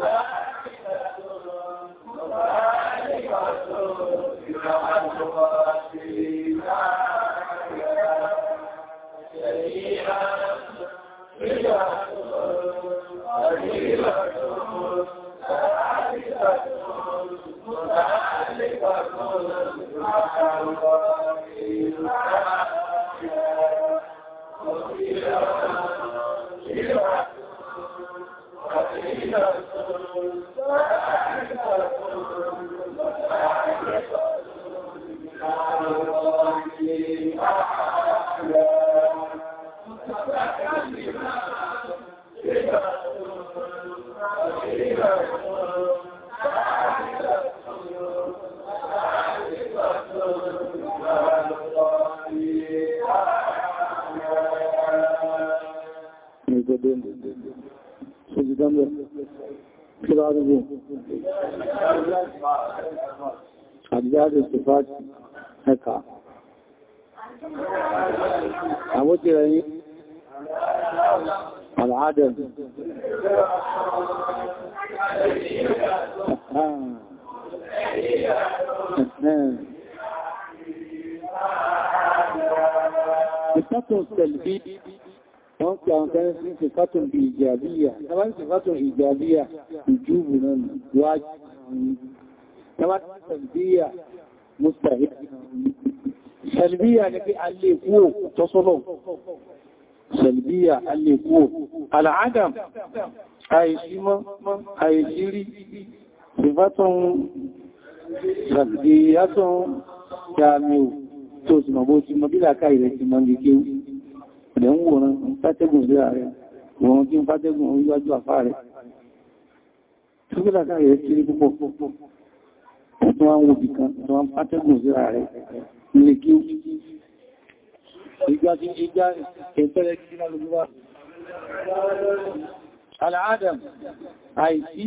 Yeah. ìyá ya mi ò tó sì mọ̀ bó ti mọ̀ bí làkà ilẹ̀ ti mọ̀ gẹ́gẹ́ rẹ̀ ń wòran pátẹ́gùn sí ààrẹ wọ́n tí ń pátẹ́gùn oríwájú àfá rẹ̀ tó bí làkà ilẹ̀ ti púpọ̀ tó Àìsí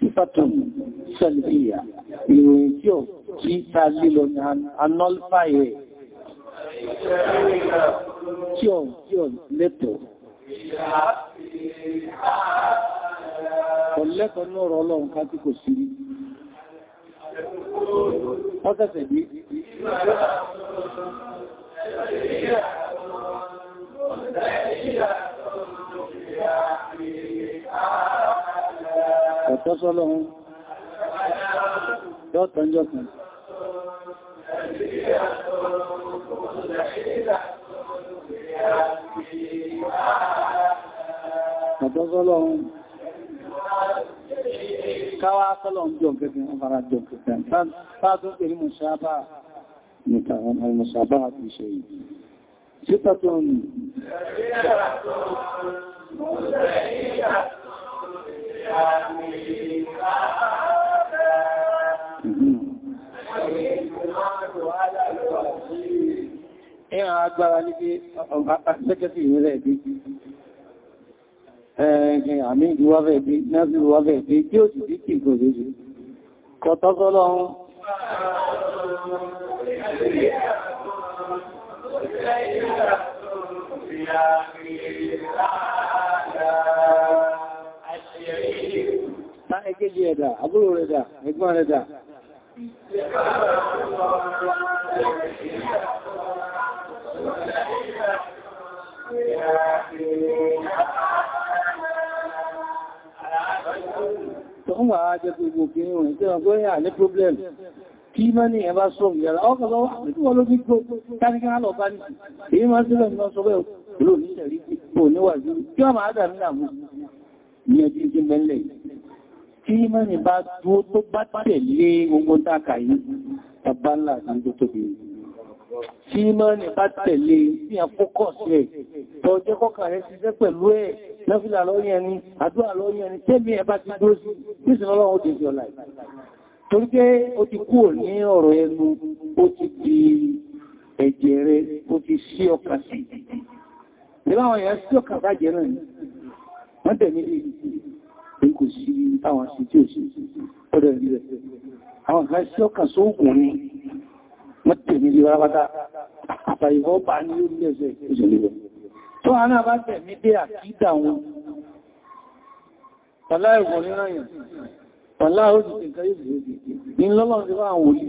sífàtún sẹ́lẹ̀bíyà ìròyìn tí ó kí ta lílọ ní anọ́lfàyẹ̀ tí ó tí ó lẹ́tọ̀ ọ̀lẹ́kọ̀ọ́ ní ọ̀rọ̀ ọlọ́run ká tí kò sí Thank you. Ọ̀tọ́ sọ́lọ́run, lọ́tọ̀ ń jọkùn. Ọ̀tọ́ sọ́lọ́run, káwà sọ́lọ́run jọ gẹ́gẹ́ ọ̀fàrà jọ gẹ́gẹ́ sáàtún pẹ̀lú mọ̀ṣábà nìtàwọn alìmọ̀ṣábà àti ṣe ìdí. Sípàtún Ìran agbára ní pé àṣẹ́kẹ́sì ìrìnlẹ̀ ìdí, ẹ̀ẹ̀kẹ́ àmì ìdíwáfẹ́ ìdí, náà sí ìwáfẹ́ ìdí tí ó sì díkì kò lè ṣe. Kọ̀tọ́sọ́lọ́ ọun. Ìyá ẹgbẹ́jì ẹ̀dà àbúrò rẹ̀ dà ẹgbọ́n rẹ̀ dà tó ń wà á gbogbo kìí wọ̀n tí wọ́n gbóyà ní problem kí mọ́ ní ẹ̀bá sọ ìyàrá ọkọ̀ lọ́wọ́ àti wọ́n ló bí gbó káníkà lọ bá ní èyí máa sílẹ̀ ní ọ̀sọ́gbẹ́ òlò ní ìṣẹ̀rí pò níwàjú kí wọ́n máa dà ní àmú tí mẹ́ni bá dúó tó bá tẹ̀lé ogun dákà yìí bàbá ńlá àti tóbi tí mẹ́ni bá tẹ̀lé ní àfókọ̀ sí ẹ̀ tó jẹ́ kọ́kà rẹ̀ ṣiṣẹ́ pẹ̀lú ẹ̀ lọ́fílà lórí ẹni àdúrà lórí ẹni tẹ́mí ẹ bá ti dúó sí ìsìnlọ́wọ́ ó ti fi ọ̀la torí pé ó ti kú ní ní kò sí táwọn sí tí ò sí ọdọ̀ ìrẹ̀ àwọn kan sí ọkàn sóògùn ni wọ́n lè rápátá àtàyìnbọ́ bá ní orílẹ̀-èdè ìṣẹ̀lẹ̀ tó a náà bá tẹ̀mí dé àkídà wọn pàlá ẹ̀wọ̀n níráyàn pàlá òjìṣẹ́ nǹkan yóò ní lọ́lọ́run ti wá àwọn òlì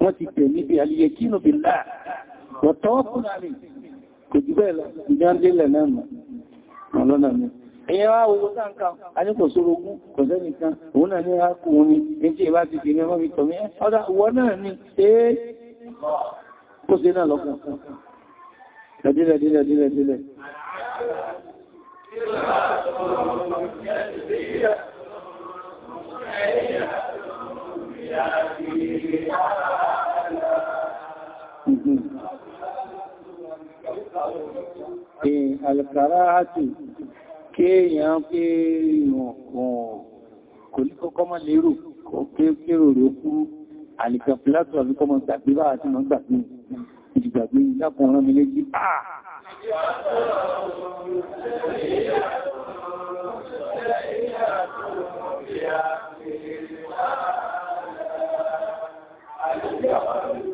wọ́n ti tẹ̀mí dé àlìyẹ kínú bí láà wọ̀tọ́wọ́kùnrin kò jù bẹ́ẹ̀ lọ ìjọ́ ń délẹ̀ náà mọ̀ lọ́nà mi èyàn wá owó sáǹkà àní kò sóró ogún kò sẹ́nìkan òun náà ní àkù ní ẹjí ìbá ti fi ní ọmọ ìtọ̀ mi ọ́dá ìwọ náà ní ṣeé kó sí náà lọ́kùn kéèyàn pé ìwọ̀n kò ní kọ́kọ́ mọ́ lérò kéèrò rẹ̀ kú àlìkà pìlátù àfikọ́ mọ́ gbàgbé bá àti mọ́ gbàgbé ìdìgbàgbé ìdákùnrán mi léjì àà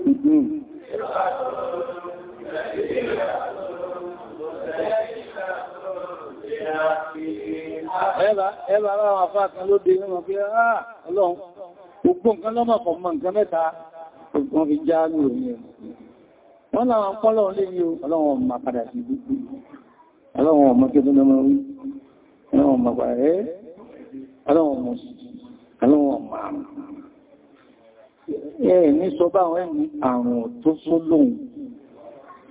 Mm-hmm. ẹbà ara wọn afá kan ló dé mọ́ pé àà ah, ọlọ́run gbogbo nǹkan lọ́mọ̀ kan mọ́ nǹkan mẹ́ta wọ́n fi já ní òní wọ́n láwọn pọ́lọ̀ lè ní ọlọ́run ọmọ padà sí gbogbo ọlọ́run ọmọ kí ọdún lọ́mọ wí ọlọ́run ọmọ padà rẹ̀ ọlọ́run ọmọ sí ọlọ́run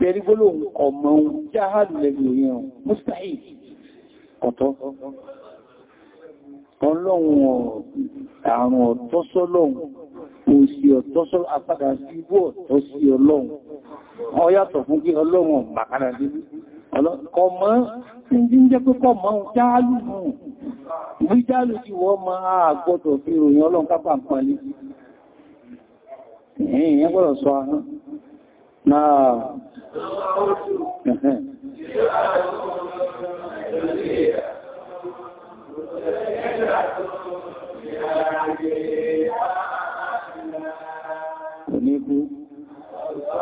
lẹ́gbẹ̀ẹ́ òyìn ọ̀hún mustahil ọ̀tọ̀ ọlọ́run àrùn ọ̀tọ́sọ́lọ́run òsì ọ̀tọ́sọ́lọ́ apádà sí ibú ọ̀tọ́ sí ọlọ́run ọyàtọ̀ fún kí ọlọ́run bàkàrà débí kọmọ́ tí ń jẹ́ ń palẹ́ ẹ̀yìn gbọ́dọ̀ Yeah. Oníkú. Ó kéré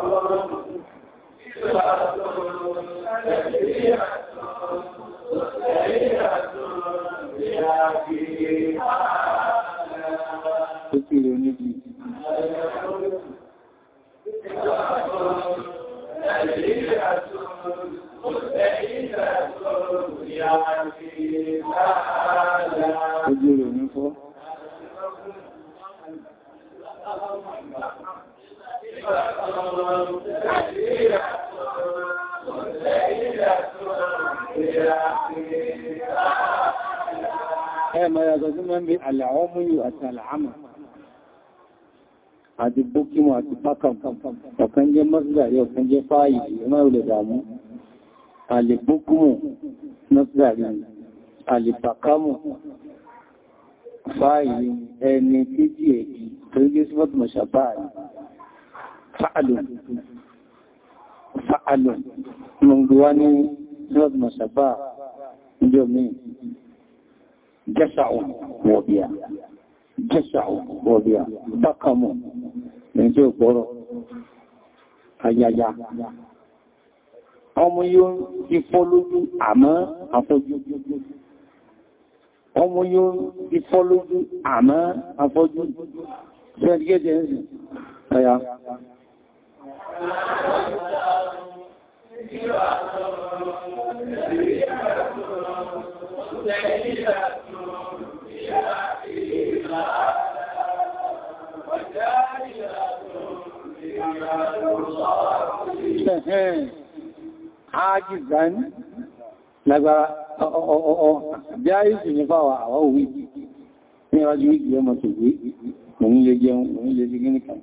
oníkú. Thank you. Ojú rẹ̀ ní fọ́. na àti àlàámà. Àti bókímọ̀ jẹ́ mọ́sílẹ̀ ọ̀kan jẹ́ fáyì, ìrìnà ìlẹ̀dàmú. àlègbókùmù nọ́tìdàrí àlèpàkámù fáìlì ẹni títí ẹ̀kì tó ń gé sífọ́tù mọ̀ṣàbáàlì fa'alù fa'alù mọ̀gbíwá ní sífọ́tù mọ̀ṣàbáà ìjọ mi jẹ́sàù wọ̀bíà jẹ́sàù wọ̀bíà bákàmù ẹni tí ó gbọ́rọ̀ ayaya ọmọ yóò ti fọ́ lójú àmọ́ afọ́jú ọmọ yóò ti fọ́ lójú àmọ́ afọ́jú ṣẹ́gẹ́gẹ́ ẹ̀sìn ẹ̀yà Ẹ̀hẹ́n ágìzán lágbára jáìsì ní fáwà àwọ́ òwú ní ọjọ́ ìgbì ọmọ tòwé òun lè jẹun òun lè jẹ gíní kan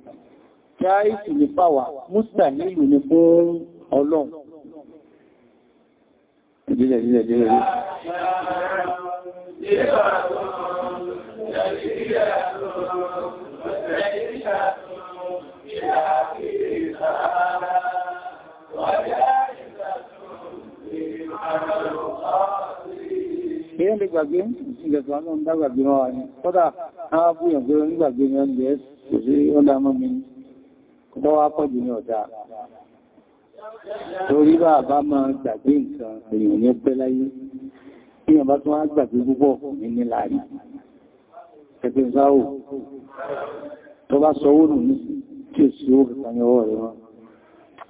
jáìsì ní fáwà mústàhílù ní fún ọlọ́run Ìdílẹ̀ Èyàn lè gbàgbé ìgbẹ̀fà náà ń wọn wà ní. Kọ́dà, àwọn abúyàn gbẹ̀rẹ̀ nígbàgbé ní ọdún ẹ̀ẹ́sì kò sí ọ́dá mọ́ mi. Kọ́dọ́ wá pọ̀jù ní ọ̀dá. Torí bá bá máa gbàgbé nǹkan èèyàn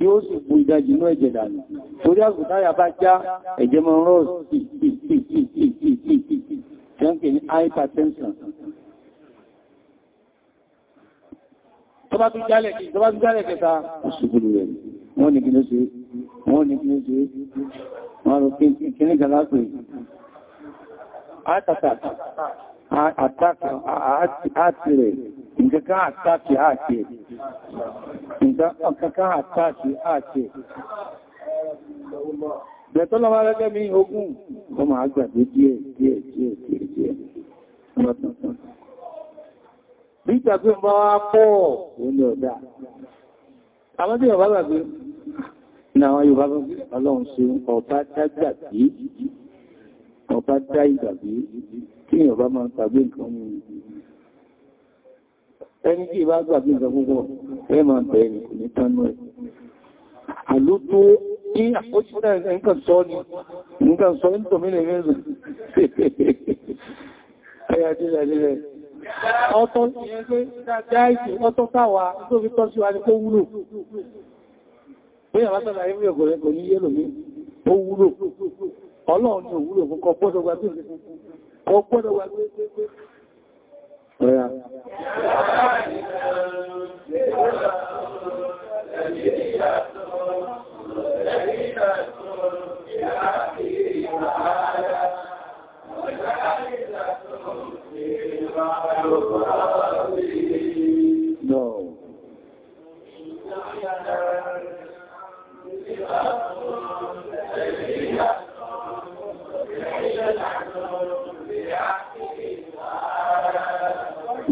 yóò sì bu ìdajì inú ẹ̀jẹ̀ dànù torí àgùntáyà bá já ẹ̀jẹ̀ mọ́ rọ́ọ̀sì ṣẹ́ǹkì ní hypertension tó bá tún jálẹ̀ kẹta òṣùgbùrù rẹ̀ wọ́n ní kí ló ṣe wọ́n ní kí ló ṣe wọ́n rò kí ní gàlá pé àtàkà àti rẹ̀ nǹkan àtàkì àti nǹkan àtàkì àti Bẹ̀tọ́lọ́ wá rẹ́gẹ́ mi ogún, ọ máa gbàdé díẹ̀ díẹ̀ díẹ̀ díẹ̀ díẹ̀. Bí ìtàgbé bá wá pọ̀ òun ọ̀dá. Àwọn tí gbàgbé, ní àwọn Yorùbá ọlọ́run ṣe ọ̀bá dágbàgbé, ọ̀bá dá kí ìyọ̀bá máa gbàgbé nǹkan mú ẹni tí ìbá gbàgbé ìjọ púpọ̀ ẹ máa bẹ̀rẹ̀ kò ní tánú ẹ̀ àló tó ní àkóṣílẹ̀ nǹkan sọ ní nǹkan sọ <laughs> ní tòmílẹ̀ mẹ́rin ayájílẹ̀ ọ̀tọ̀ ìyẹn ọ̀tọ̀ Ọ̀yá. Thank you.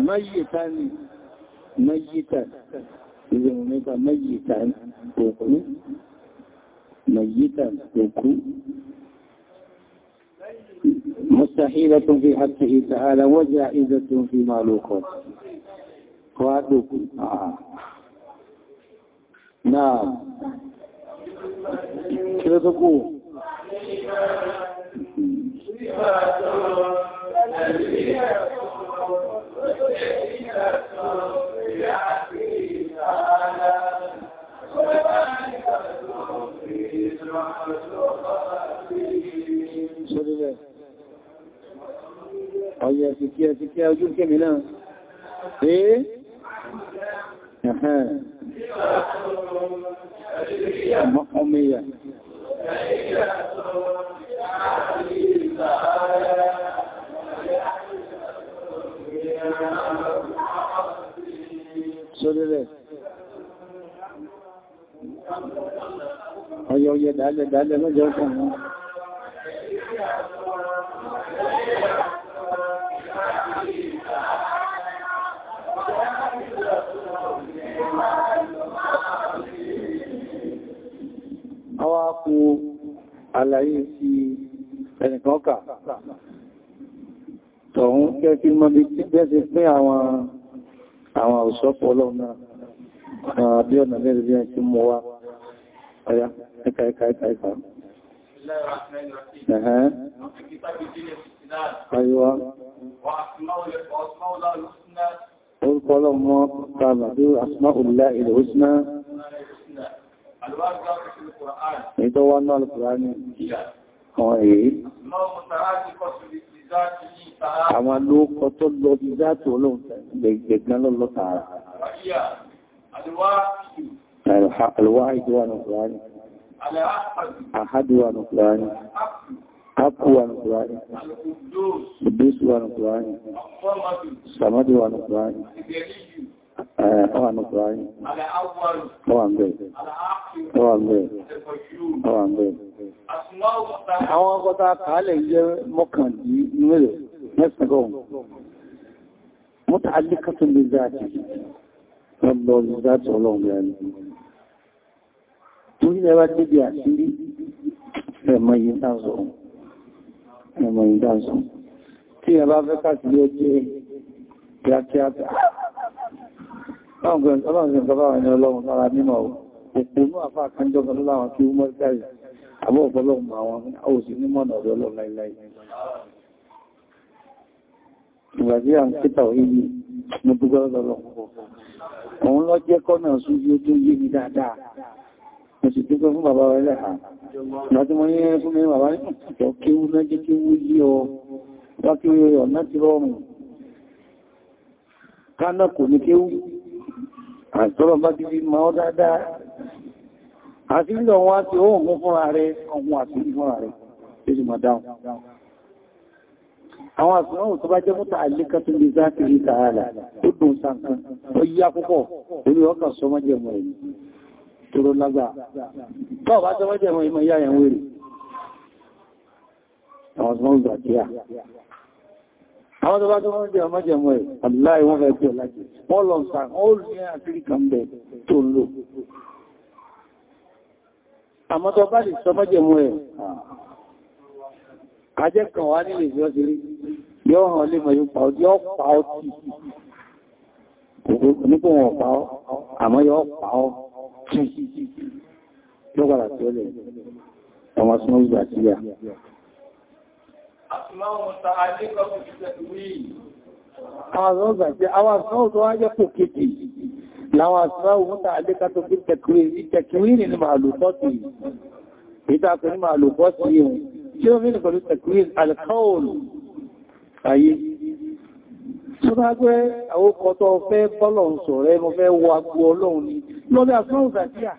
ميتا ميتا إذا هناك ميتا توكو ميتا توكو مستحيلة في حقه تعالى وجائزة في معلوقه قادوكو آه. نعم كيف تقول ojú kémi náà ee ọmọ ìyà sórílẹ̀ ọyọ ọyẹ dálẹ̀ dálẹ̀ lọ́jọ́ ọkùnrin àlàyé sí ẹnìkan kà tọ̀hún kẹ́kí mọ́bí tí bẹ́ẹ̀sẹ̀ pín àwọn àwọn òṣọ́pọ̀ ọlọ́run náà àbí ọ̀nà mẹ́rin bí ẹ̀kí mọ́ wá ọ̀yá ẹ̀kà ẹ̀kà ẹ̀kà ẹ̀kà Àyíwá. Orúkọ ọlọ́run mọ́ Ètò wá náà Al-Kùránì kan èé. Àwọn alóòkọ tó lọ bí záàtì olóhun gbẹ̀gbẹ̀gbẹ̀ lọ́lọ́ tààrà. Al-Wāḥid wà Al-Kùránì. Ahad wà Al-Kùránì. Haqqu wà Al-Kùránì. Qudus wà Al-Kùránì. Samad wà al Ọwà ní Ṣùhárí. Ọwà ń bẹ̀. Ọwà ń bẹ̀. Ọwà ń bẹ̀. Àwọn ọgọ́ta kàálẹ̀ jẹ́ mọ́kàndí mẹ́rẹ̀ mẹ́sàn-án. Mọ́ta alíkàtún lè záàtì. Ọlọ́ ìzáàtì ọlọ́run rẹ̀ ni. Torí ẹwà débi àṣírí ẹ̀mọ̀ yìí dáńsọ̀. Ẹ̀mọ̀ yìí dáńsọ̀. Tí ẹ Ọlọ́run àwọn ẹni kọ́nà súnjú tó yé mi dáadáa. Mo sì dúpẹ́ fún bàbá rẹ̀ lẹ́hà. Ìgbà tí yẹ́ fún mi bàbá rẹ̀ kọ̀ kéwú náà jẹ́ kéwú yí ọ, wá kí ọ̀nà ti rọrùn. Kánà kò ní kéwú àtọ́rọ̀ àti nílọ wọn àti ohun mú fúnra rẹ̀ ọmọ àti fúnra rẹ̀ èsì ma àwọn àṣírọ̀hùn tó bá jẹ́ múta àlékà tó lè záàkì rí tààlà ó dùn sàǹkan ó yí akúkọ̀ orí ọkà sọmọ́jẹ̀mọ̀ àwọn tọba tó wọ́n jẹ́ ọmọjẹ̀mọ́ ẹ̀ aláì wọ́n fẹ́ pẹ̀ láti wọ́n lọ sàn ó rí àfíríkà ń bẹ̀ tó lò àmọ́ tó bá lè sọmọjẹ̀mọ́ ẹ̀ ajẹ́ kan wá nílé ìjọ́sírí yóò hàn lè mọ̀ yóò pa ọ́ yóò pa Àwọn ọ̀gbà jẹ́ àwọn àṣọ́ tó wájẹ́ kò kéèkì láwọn àṣọ́ òmúta àlékàtò fi tẹ̀kìrí nínú màálùfọ́tì. Ìta pẹ̀lú màálùfọ́tì yìí, tí ó mínú pẹ̀lú tẹ̀kìrí alkọ́ọ̀lù ayé. Tó bá gbé àwọn kọtọ́ fẹ́ bọ́lọ̀ sọ̀rẹ́ mo fẹ́ wọ agbó ọlọ́run ni lọ́bí àṣọ́ ògbà jẹ́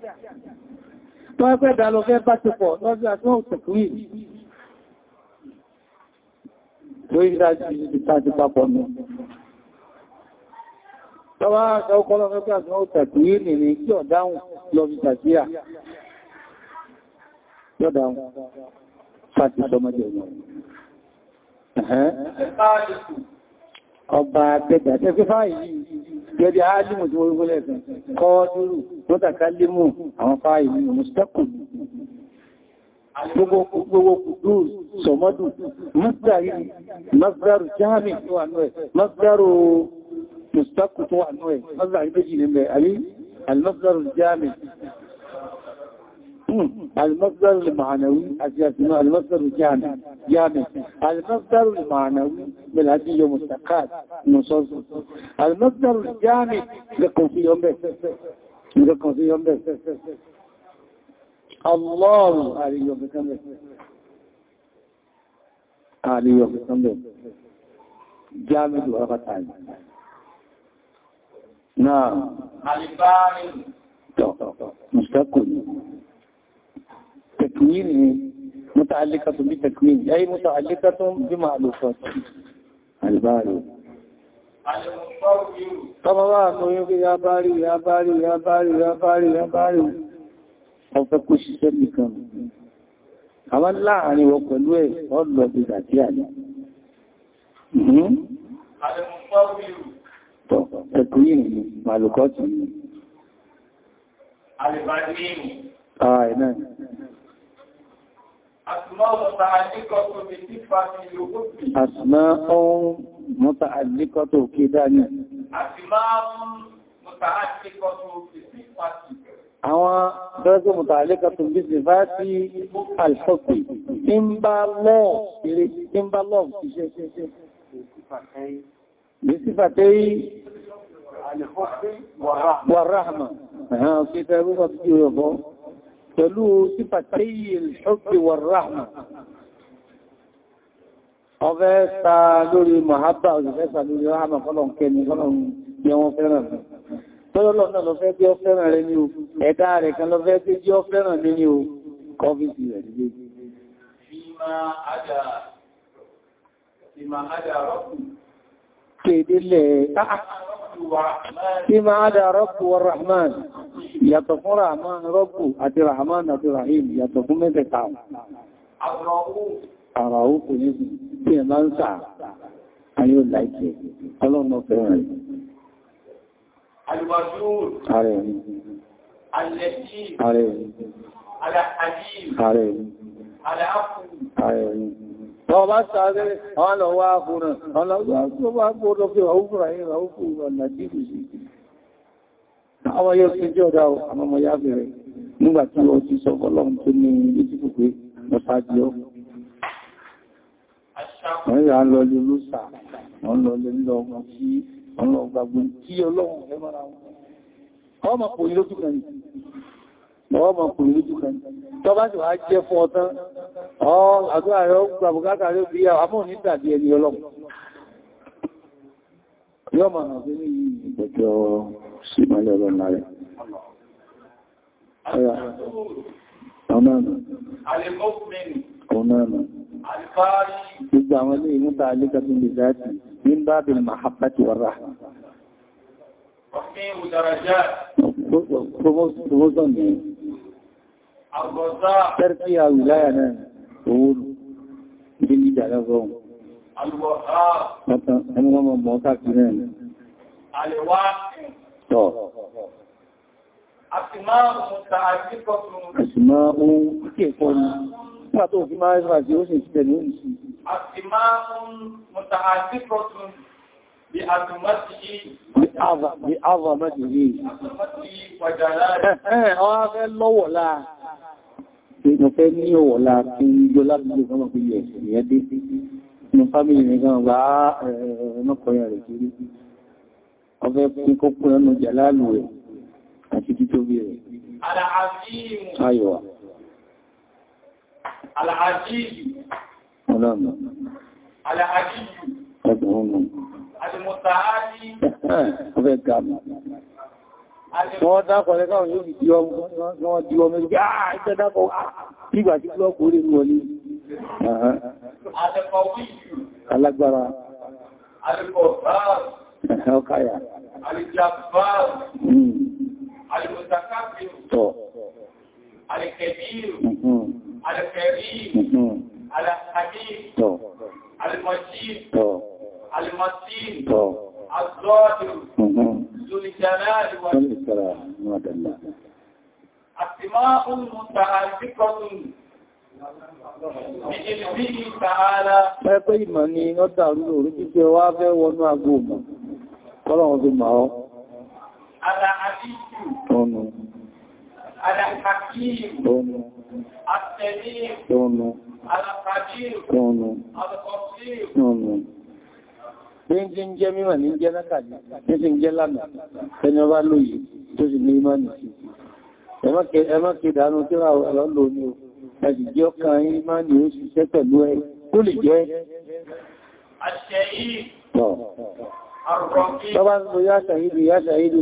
lórí dájú ìtàjú papọ̀ nù. Tọ́wà ọkọ̀lọ́ mẹ́fẹ́ àti wọ́n tàbí nìrí kí ọ̀dáhùn lọ fi tàbíyà. Yọ́dáhùn, fàtí sọmọdé wọn. Ọba tẹ́gbà tẹ́gbẹ́ fáyìí gẹ́gẹ́ ájímù tí wọ́n rí fólẹ̀ gbogbo kudu المصدر المعنوي اجازنا المصدر الجامع جامع المصدر المعنوي من هذه المستقات نصوص المصدر الجامع لكم في يوم بس لكم في يوم بس Allahu àríyọ̀ kankan bẹ̀. Àríyọ̀ kankan bẹ̀. Jámìdù àpàtà yìí. Náà. Àlìbáàrí. Tọ̀tọ̀. Mùsùlùmí ni. Tẹ̀kìyìn ni. Mùtàlíkàtún bí tẹ̀kìyìn. Ẹ mùtàlíkàtún bí máa lò wà tó yóò ya bá rí, ya bá rí, ya bá rí, ya bá rí, ya bá rí ọ̀fẹ́ kó ṣiṣẹ́ nìkan àwọn láàrin wọ pẹ̀lú ẹ̀ ọlọ̀ ìdàtí àní ẹ̀kùn yìí ni màlùkọ́ tí ni Àṣìmá ọun mọ́ta àdíkọ́ tó kí dáni. Àṣìmá ọun mọ́ta àdíkọ́ tó kí sí pàtì àwọn dọ́gbẹ́ mùtàlẹ́kàtù bíṣẹ̀ bá tí alfọ́kì tí ń bá lọ́ọ̀ kiri tí ń bá lọ́ọ̀ kìíṣẹ́ bíṣẹ̀ fàtẹ́ yí wàráhàmà ẹ̀hàn kí tẹ́rù fàtí ọ̀bọ̀ sí alfọ́kì wàráhàmà ọfẹ́ sa lórí mọ̀hábà òṣìfẹ́ sa lórí ráhàmà fọ́lọ̀ kẹni fọ́lọ̀ yẹ wọn fẹ́ràn tọ́lọ́lọ́ náà lọ fẹ́ bí ọ fẹ́ràn rẹ ní o ẹ̀dá rẹ̀ kan lọ fẹ́ bí jí ọ fẹ́ràn ní ní o kọ́fíìsì rẹ̀ ní gbé Kéèdélẹ̀ tí máa dá rọ́pù wa Rahman, yàtọ̀ fún Rahman rọ́pù àti Rahman àti Rahim yàtọ̀ fún mẹ́tẹ̀ta. Àrà òkú ní tí ẹ̀ máa ń sà, ayó láìkẹ̀, ọlọ́nà fẹ́ràn rẹ̀. الودود اللطيف الحليم العفو Ọba sáré àwọn lọ́wọ́ àkúrùn, ọlọ́gbà gbọ́dọ̀ fi ọ̀húnfúra yìí rà ókú ọ̀nà jíjù sí. Àwọn yóò fi jẹ́ ọ̀dá àwọn ọmọ ya bẹ̀rẹ̀ nígbàtí ó ti sọ fọ́lọ́run tó ní ìlú pípé lọ́sájí ọ́. Wọ́n yà ń lọ lè lọ́sà, wọ́n lọ lè lọ́gbọ́n sí ọ̀rọ̀ gbàgbùn kí ọlọ́run rẹ̀ mara wọn ọmọ kò ní lójú kan ọmọ kò ní lójú kan tó bá sì wá jẹ́ fún ọtán ọ àdúrà rẹ̀ gbàbùkátà rẹ̀ bí i àmọ́ ní tàbí ẹni ọlọ́run yọ́ ma hàn fún ìgbẹ̀jọ́ sí ìmọ̀lẹ̀ ọlọ́run rẹ̀ Ọ̀nàmà. Àlèkọ́ fún mẹ́rin. Ọ̀nàmà. Àlèkọ́ من باب المحبة والرحمة تقييم درجات تموزن الرزاق ترقية ولايانا تقول جني جعلهم الوهاب أنا ما موتا كنان الواقع Àṣìmáà ohun tí ẹ̀kọ́ ni, nígbà tó fi máa ń rà sí ó sì ti tẹ̀lé òun sí. أسماء متعاتفة بأزمته بعظمته وجلاله هذا اللو لا Ìjọ fẹ́ ní ọ̀wọ̀ láti ìjọ láti ìjọ fọ́mọ̀ fi yẹ̀ ìyẹ́ dé inú fámílì ní gan gbá ẹ̀ẹ̀mọ́kọ̀ọ́yà eh, eh, rẹ̀ kiri. Ọfẹ́ fún kókó ẹnu jàlálù rẹ̀ àti títóbi rẹ̀. Àlàájí ọlọ́nà ẹgbẹ̀rún ọ̀fẹ́ gàmù wọ́n dákọ̀ lẹ́kàwọn yóò di ọmọ wọ́n di ọmọ ìgbà ìgbà dákọ̀ ah, ìgbà tí lọ́kọ̀ orí mú ọlé alágbára ọkáyà alìkẹ̀bí alìkẹ̀rí الحكيم المجيد المتين الظاهر ذو الجلال والإكرام أسماء متعلقة Ẹgbẹ́ ìmọ̀ ni ọ́dá orílẹ̀ orí jíjẹ wá fẹ́ wọnú agbó mọ̀, kọ́lọ̀wọ́n tó máa ọ́. Àdá àdíjù. Tọ́nu. Àdá kàkíyì. Tọ́nu. Àtẹ̀lé. Tọ́nu. Bíńjí ń jẹ́ mímọ̀ ní jẹ́ lákàdì, ní ti ń jẹ́ lánà, ẹni ọba lóyìí tó sì ní ìmọ̀ nìsí. Ẹmọ́ kí dánú tí wà lọ́lọ́ ní o, ẹ̀sì jẹ́ ọkàn ìmọ̀ ní ó ṣiṣẹ́ pẹ̀lú ẹ, kó lè jẹ́. Àṣẹ yìí, Bọ́bá ń lo yáṣà ìdù, yáṣà ìdù,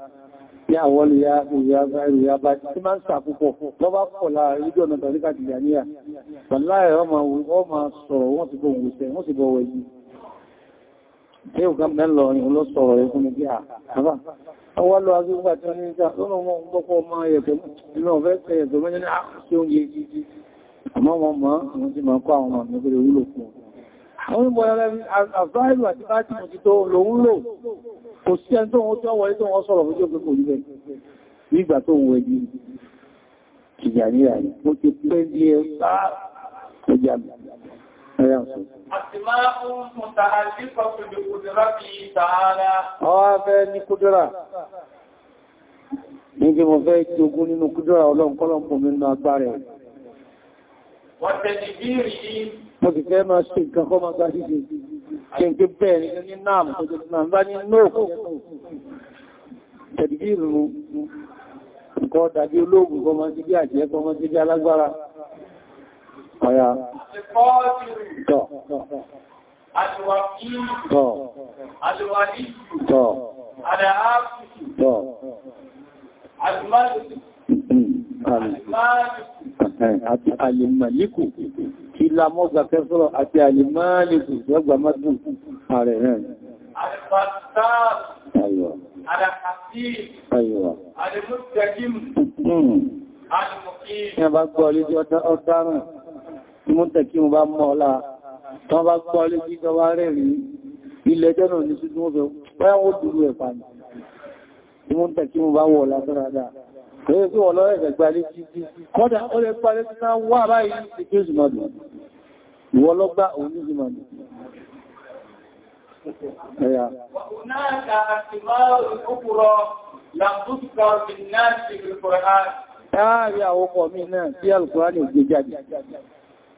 ní àwọn ìyá ìyá ìyá bá tí máa ń sàpúpọ̀ lọ́bá pọ̀ láàrin ìjọ ọ̀nà tàbí kàtìlẹ̀ níyà pẹ̀láẹ̀ ọmọ sọ̀rọ̀ wọ́n ti bọ̀ wùsẹ̀ wọ́n ti bọ̀ wẹ̀yìn tí ó kàn mẹ́lọ ni ló sọ̀rọ̀ rẹ̀ fún ibi àbá ọwọ́ lọ azúgbà tí ó ní ìjà lọ́nà ọmọ ọgbọ́pọ̀ ọmọ ẹ̀ẹ̀kẹ́ nínú ọ̀fẹ́ ẹ̀ẹ̀kẹ́ mẹ́jẹ́ ní àkùsí oúnjẹ àmọ́ wọn mọ́ àwọn tí ma kọ́ àwọn ọmọ ìgbẹ̀rẹ̀ wúlò fún kò sí ẹni tó wọ́n tí wọ́n tó wọ́n sọ̀rọ̀ lójú pípò nílẹ̀ nígbà tó wọ ẹni ìjà ní àyè mo ti pẹ́ ní ẹ sáà tó jà mí ẹ̀yà sọ Àwọn afẹ́ ní kúdúrà. Ní kúdúrà mo sì fẹ́ máa ṣe nǹkan kọ́ máa gbájú ṣe ṣe ń pé bẹ́ẹ̀ ní náà mọ̀ tó náà bá ní náà kò tẹ̀dìbí ìrùn nǹkan dàbí olóògùn kọ́ máa sí bí àjẹ́ kọ́ máa sí bí alágbára ọ̀yá tọ̀ tọ̀ tọ̀ tọ̀ àti alìmọ̀líkù kí lámọ́gbà kẹsọ́rọ̀ àti alìmọ̀líkù lọ́gbà mọ́dún ààrẹ rẹ̀ Tọ́n hmm. bá gbọ́ lé kí ìjọba rẹ̀ rí ilẹ̀ jẹ́nà ní ṣúgbọ́n fẹ́ wọ́n dúró ẹ̀fà ní. Ìmúntẹ̀kí mo bá wọ̀ lásọ́rọ̀ dáa. Ẹgbẹ́ tí wọ́n lọ́rẹ̀ ẹ̀gbẹ̀gbà lé títí, kọ́dá ó lè parẹ́ tí náà wà báyìí ti kí ìsìnmọ̀dù. Ìwọ́n lọ́gbà òun ní ìsìnmọ̀dù. Ẹ̀yà. Wọ́n náà ka àti máa rí kúkúrọ làbúkọ̀ bí náà ti rí kọ̀ láàárín àwọn ọkọ̀ mi náà tí alùkùránì gbé jáde.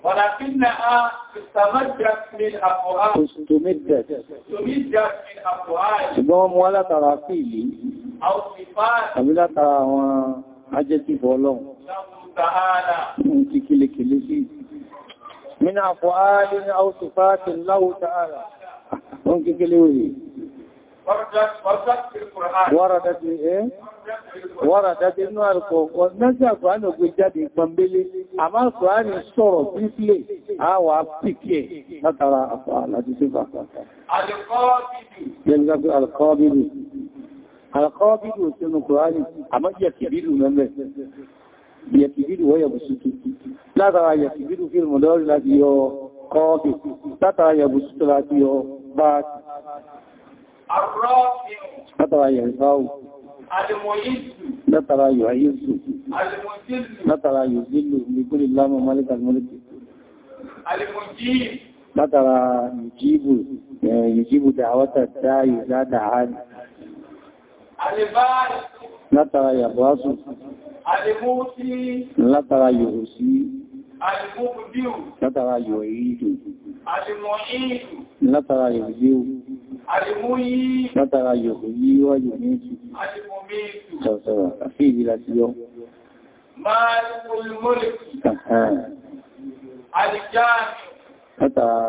ولكنها استمدت من أفعال استمدت استمدت من أفعال ṣùgbọ́n mú alátara sí ìlú àbí látara àwọn ajẹ́tìfọ́ ọlọ́run ní kílèkèlé sí mínà fọ́ áàlì ní àwọ̀sùfáàtì láwọ́ tààrà wọ́n kíkèlé òye wọ́rọ̀dẹ́dẹ́ inú àrùkọ̀ọ̀kọ́ mẹ́sí àkùránì ògbé jáde ìpọ̀mbélé àmá àkùránì sọ̀rọ̀ bíflé àwà pìkẹ̀ látara àpá àti sífà àkọ́bìnrin alqabidu òṣèlú kòránì àmọ́ yẹ̀kìbìlù mẹ́mẹ́ yẹ̀kìbìlù wọ́yẹ̀ bùsùtù látara yẹ̀kìbìlù fi mọ̀lọ́rí láti yọ kọ́ọ̀bì látara yẹ̀bùsùtù láti yọ báàkì látara yẹ̀rìfáwù látara yọ̀ayéṣù látara yọ̀zílù nìkúlì lámọ̀ málíkà mọ́líkì látara yìjìbù dàwátà dáyì ládàá látara yàbọ̀ ásù látara yòrò sí látara yòrò ìdò látara yòrò yíò látara yòrò yíò yòrò ní ìtù sọ̀rọ̀sọ̀rọ̀ àfí ìdí láti yọ látara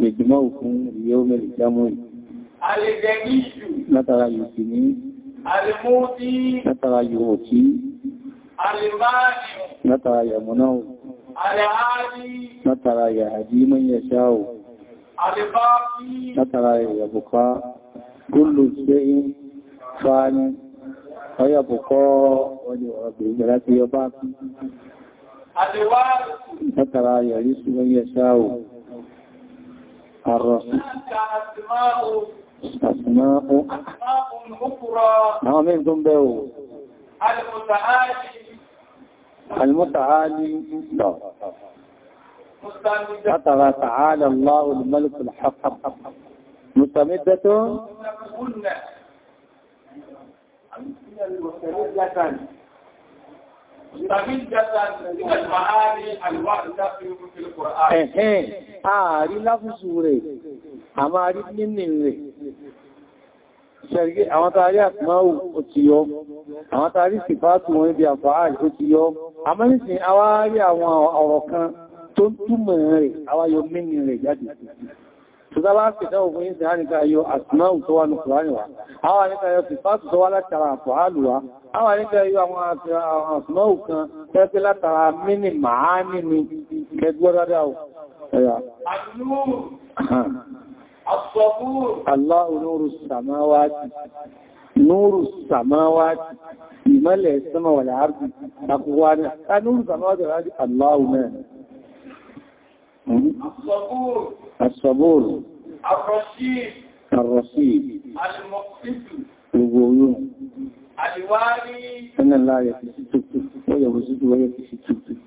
lè jùmọ́ òkun ìyẹ́ omi lè jámọ́ ì látara الموتي نترى يوتي المانع نترى يمنع الهادي نترى يهدي من يشاء الباقي نترى يبقى كل شيء فان ويبقى ولربه يباقي الوارث نترى يرث من يشاء الرسول أسماء أخرى نعم يمكن به المتعالي المتعالي لا فترى تعالى الله الملك الحق مستمدة مستمدة Ẹ̀hẹ́n, ààrí láfúsù rẹ̀, a máa rí nínú rẹ̀. Ṣẹ̀rẹ̀ àwọn tààrí àtìmáwò ó ti yọ, àwọn tààrí sìfàátù wọn ibi àfààrí ó ti yọ. A mọ́ nísìn, a wá rí àwọn ọ̀rọ̀ kan tó túmọ̀ rẹ̀, a wá rẹ̀ jáde. Tuta bá fi dáwò fún ìsìn hánìká yóò àsìmáwù tó wà ní Kùránì wa, àwọn àníkà yóò fi fásù tó wá látara àfòhálù wa, àwọn àníkà yóò àwọn àsìmáwù kan tẹ́kẹ́ látara mínì màá nínú ẹgbọ́ dáadáa Allahu nuru samawati nuru samawati ìmọ́lẹ̀ sama wal ardi akwa na Àṣàbòrò. Àrọ̀ṣí. Àrọ̀ṣí. Àlìmọ̀kútù. Gbogbo oyún. Àdìwárí. Ẹnà láàrẹ̀ fi sí tuntun, wọ́yẹ̀ fi sí tuntun, wọ́yẹ̀ fi sí tuntun.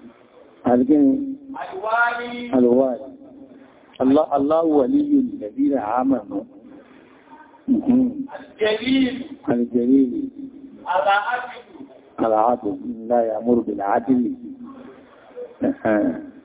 Àdìgẹ́ni. Àdìwárí. Àlùwárí. Aláwọ̀ alíyù lẹ̀bí rẹ̀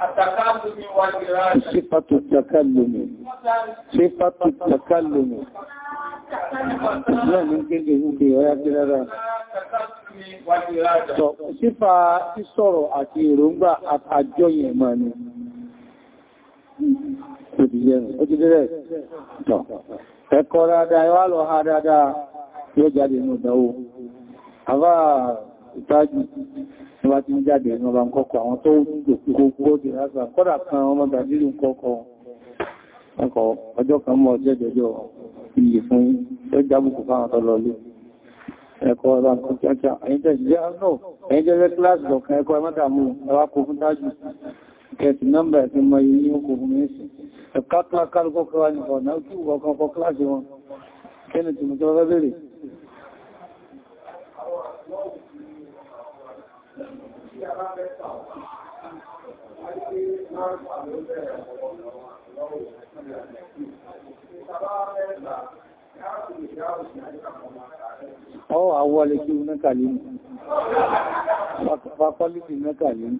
صفة التكلم صفة التكلم لا ممكن يهودي ويأكل هذا Sífà sísọ̀rọ̀ àti èròǹgbà àjọyìn ẹ̀mọ̀ ni. Ó ti jẹ́ ó ti dẹ́rẹ̀ tọ̀. Ẹ̀kọ́ dáadáa, ẹwà lọ ha dáadáa yóò jáde ní tí wá tí jáde ẹ̀nà ọba kọ́kọ́ àwọn tó gbogbo jẹ́ lásà kọ́dà kan ọmọ brazil ń ọkọ̀ ọjọ́ kan mọ́ ọjọ́ iye fún tó jábùkù fáwọn tó lọ lé ẹ̀kọ́ ọba kan kíákíá ẹ̀yìn jẹ́ tí a bá fẹ́ tà ọ́ àti máa ń fà ló bẹ̀rẹ̀ lọ́wọ́ ìjọba fẹ́ tà Ọwọ́ àwọlé kí o mẹ́kàlì ní, pàpàlìtì mẹ́kàlì ní,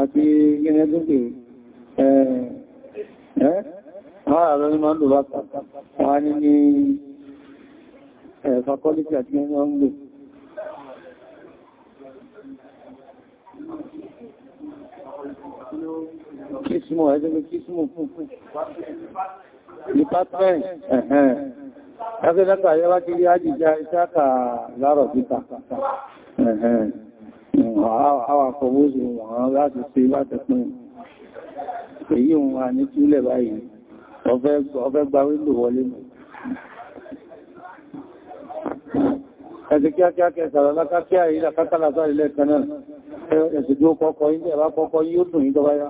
àti gẹ́gẹ́ tó kè ẹ́ ara rẹ̀ ní máa ń lò bá pàpàlìtì àti gẹ́gẹ́ ń lò. kísmù ẹgbẹ́ kísmù fúnfún department ẹ̀hẹ́n ẹgbẹ́dẹ́kà yẹ́wá kiri ájìjá ìṣákà lárọ̀ títà ẹ̀hẹ́n àwàkọ̀ bóòsù wọ̀n láti ṣe láti pín èyí òun wà ní túlẹ̀ báyìí ọ̀fẹ́ gba wílò wọlé mọ̀ ẹ̀sì kíákíá kẹsàrà lákákíá yìí lákátàlá sáré lẹ́ẹ̀kan náà ẹ̀sì tí ó kọ́kọ́ yìí tẹ̀bá kọ́kọ́ yìí ó dùn yìí yá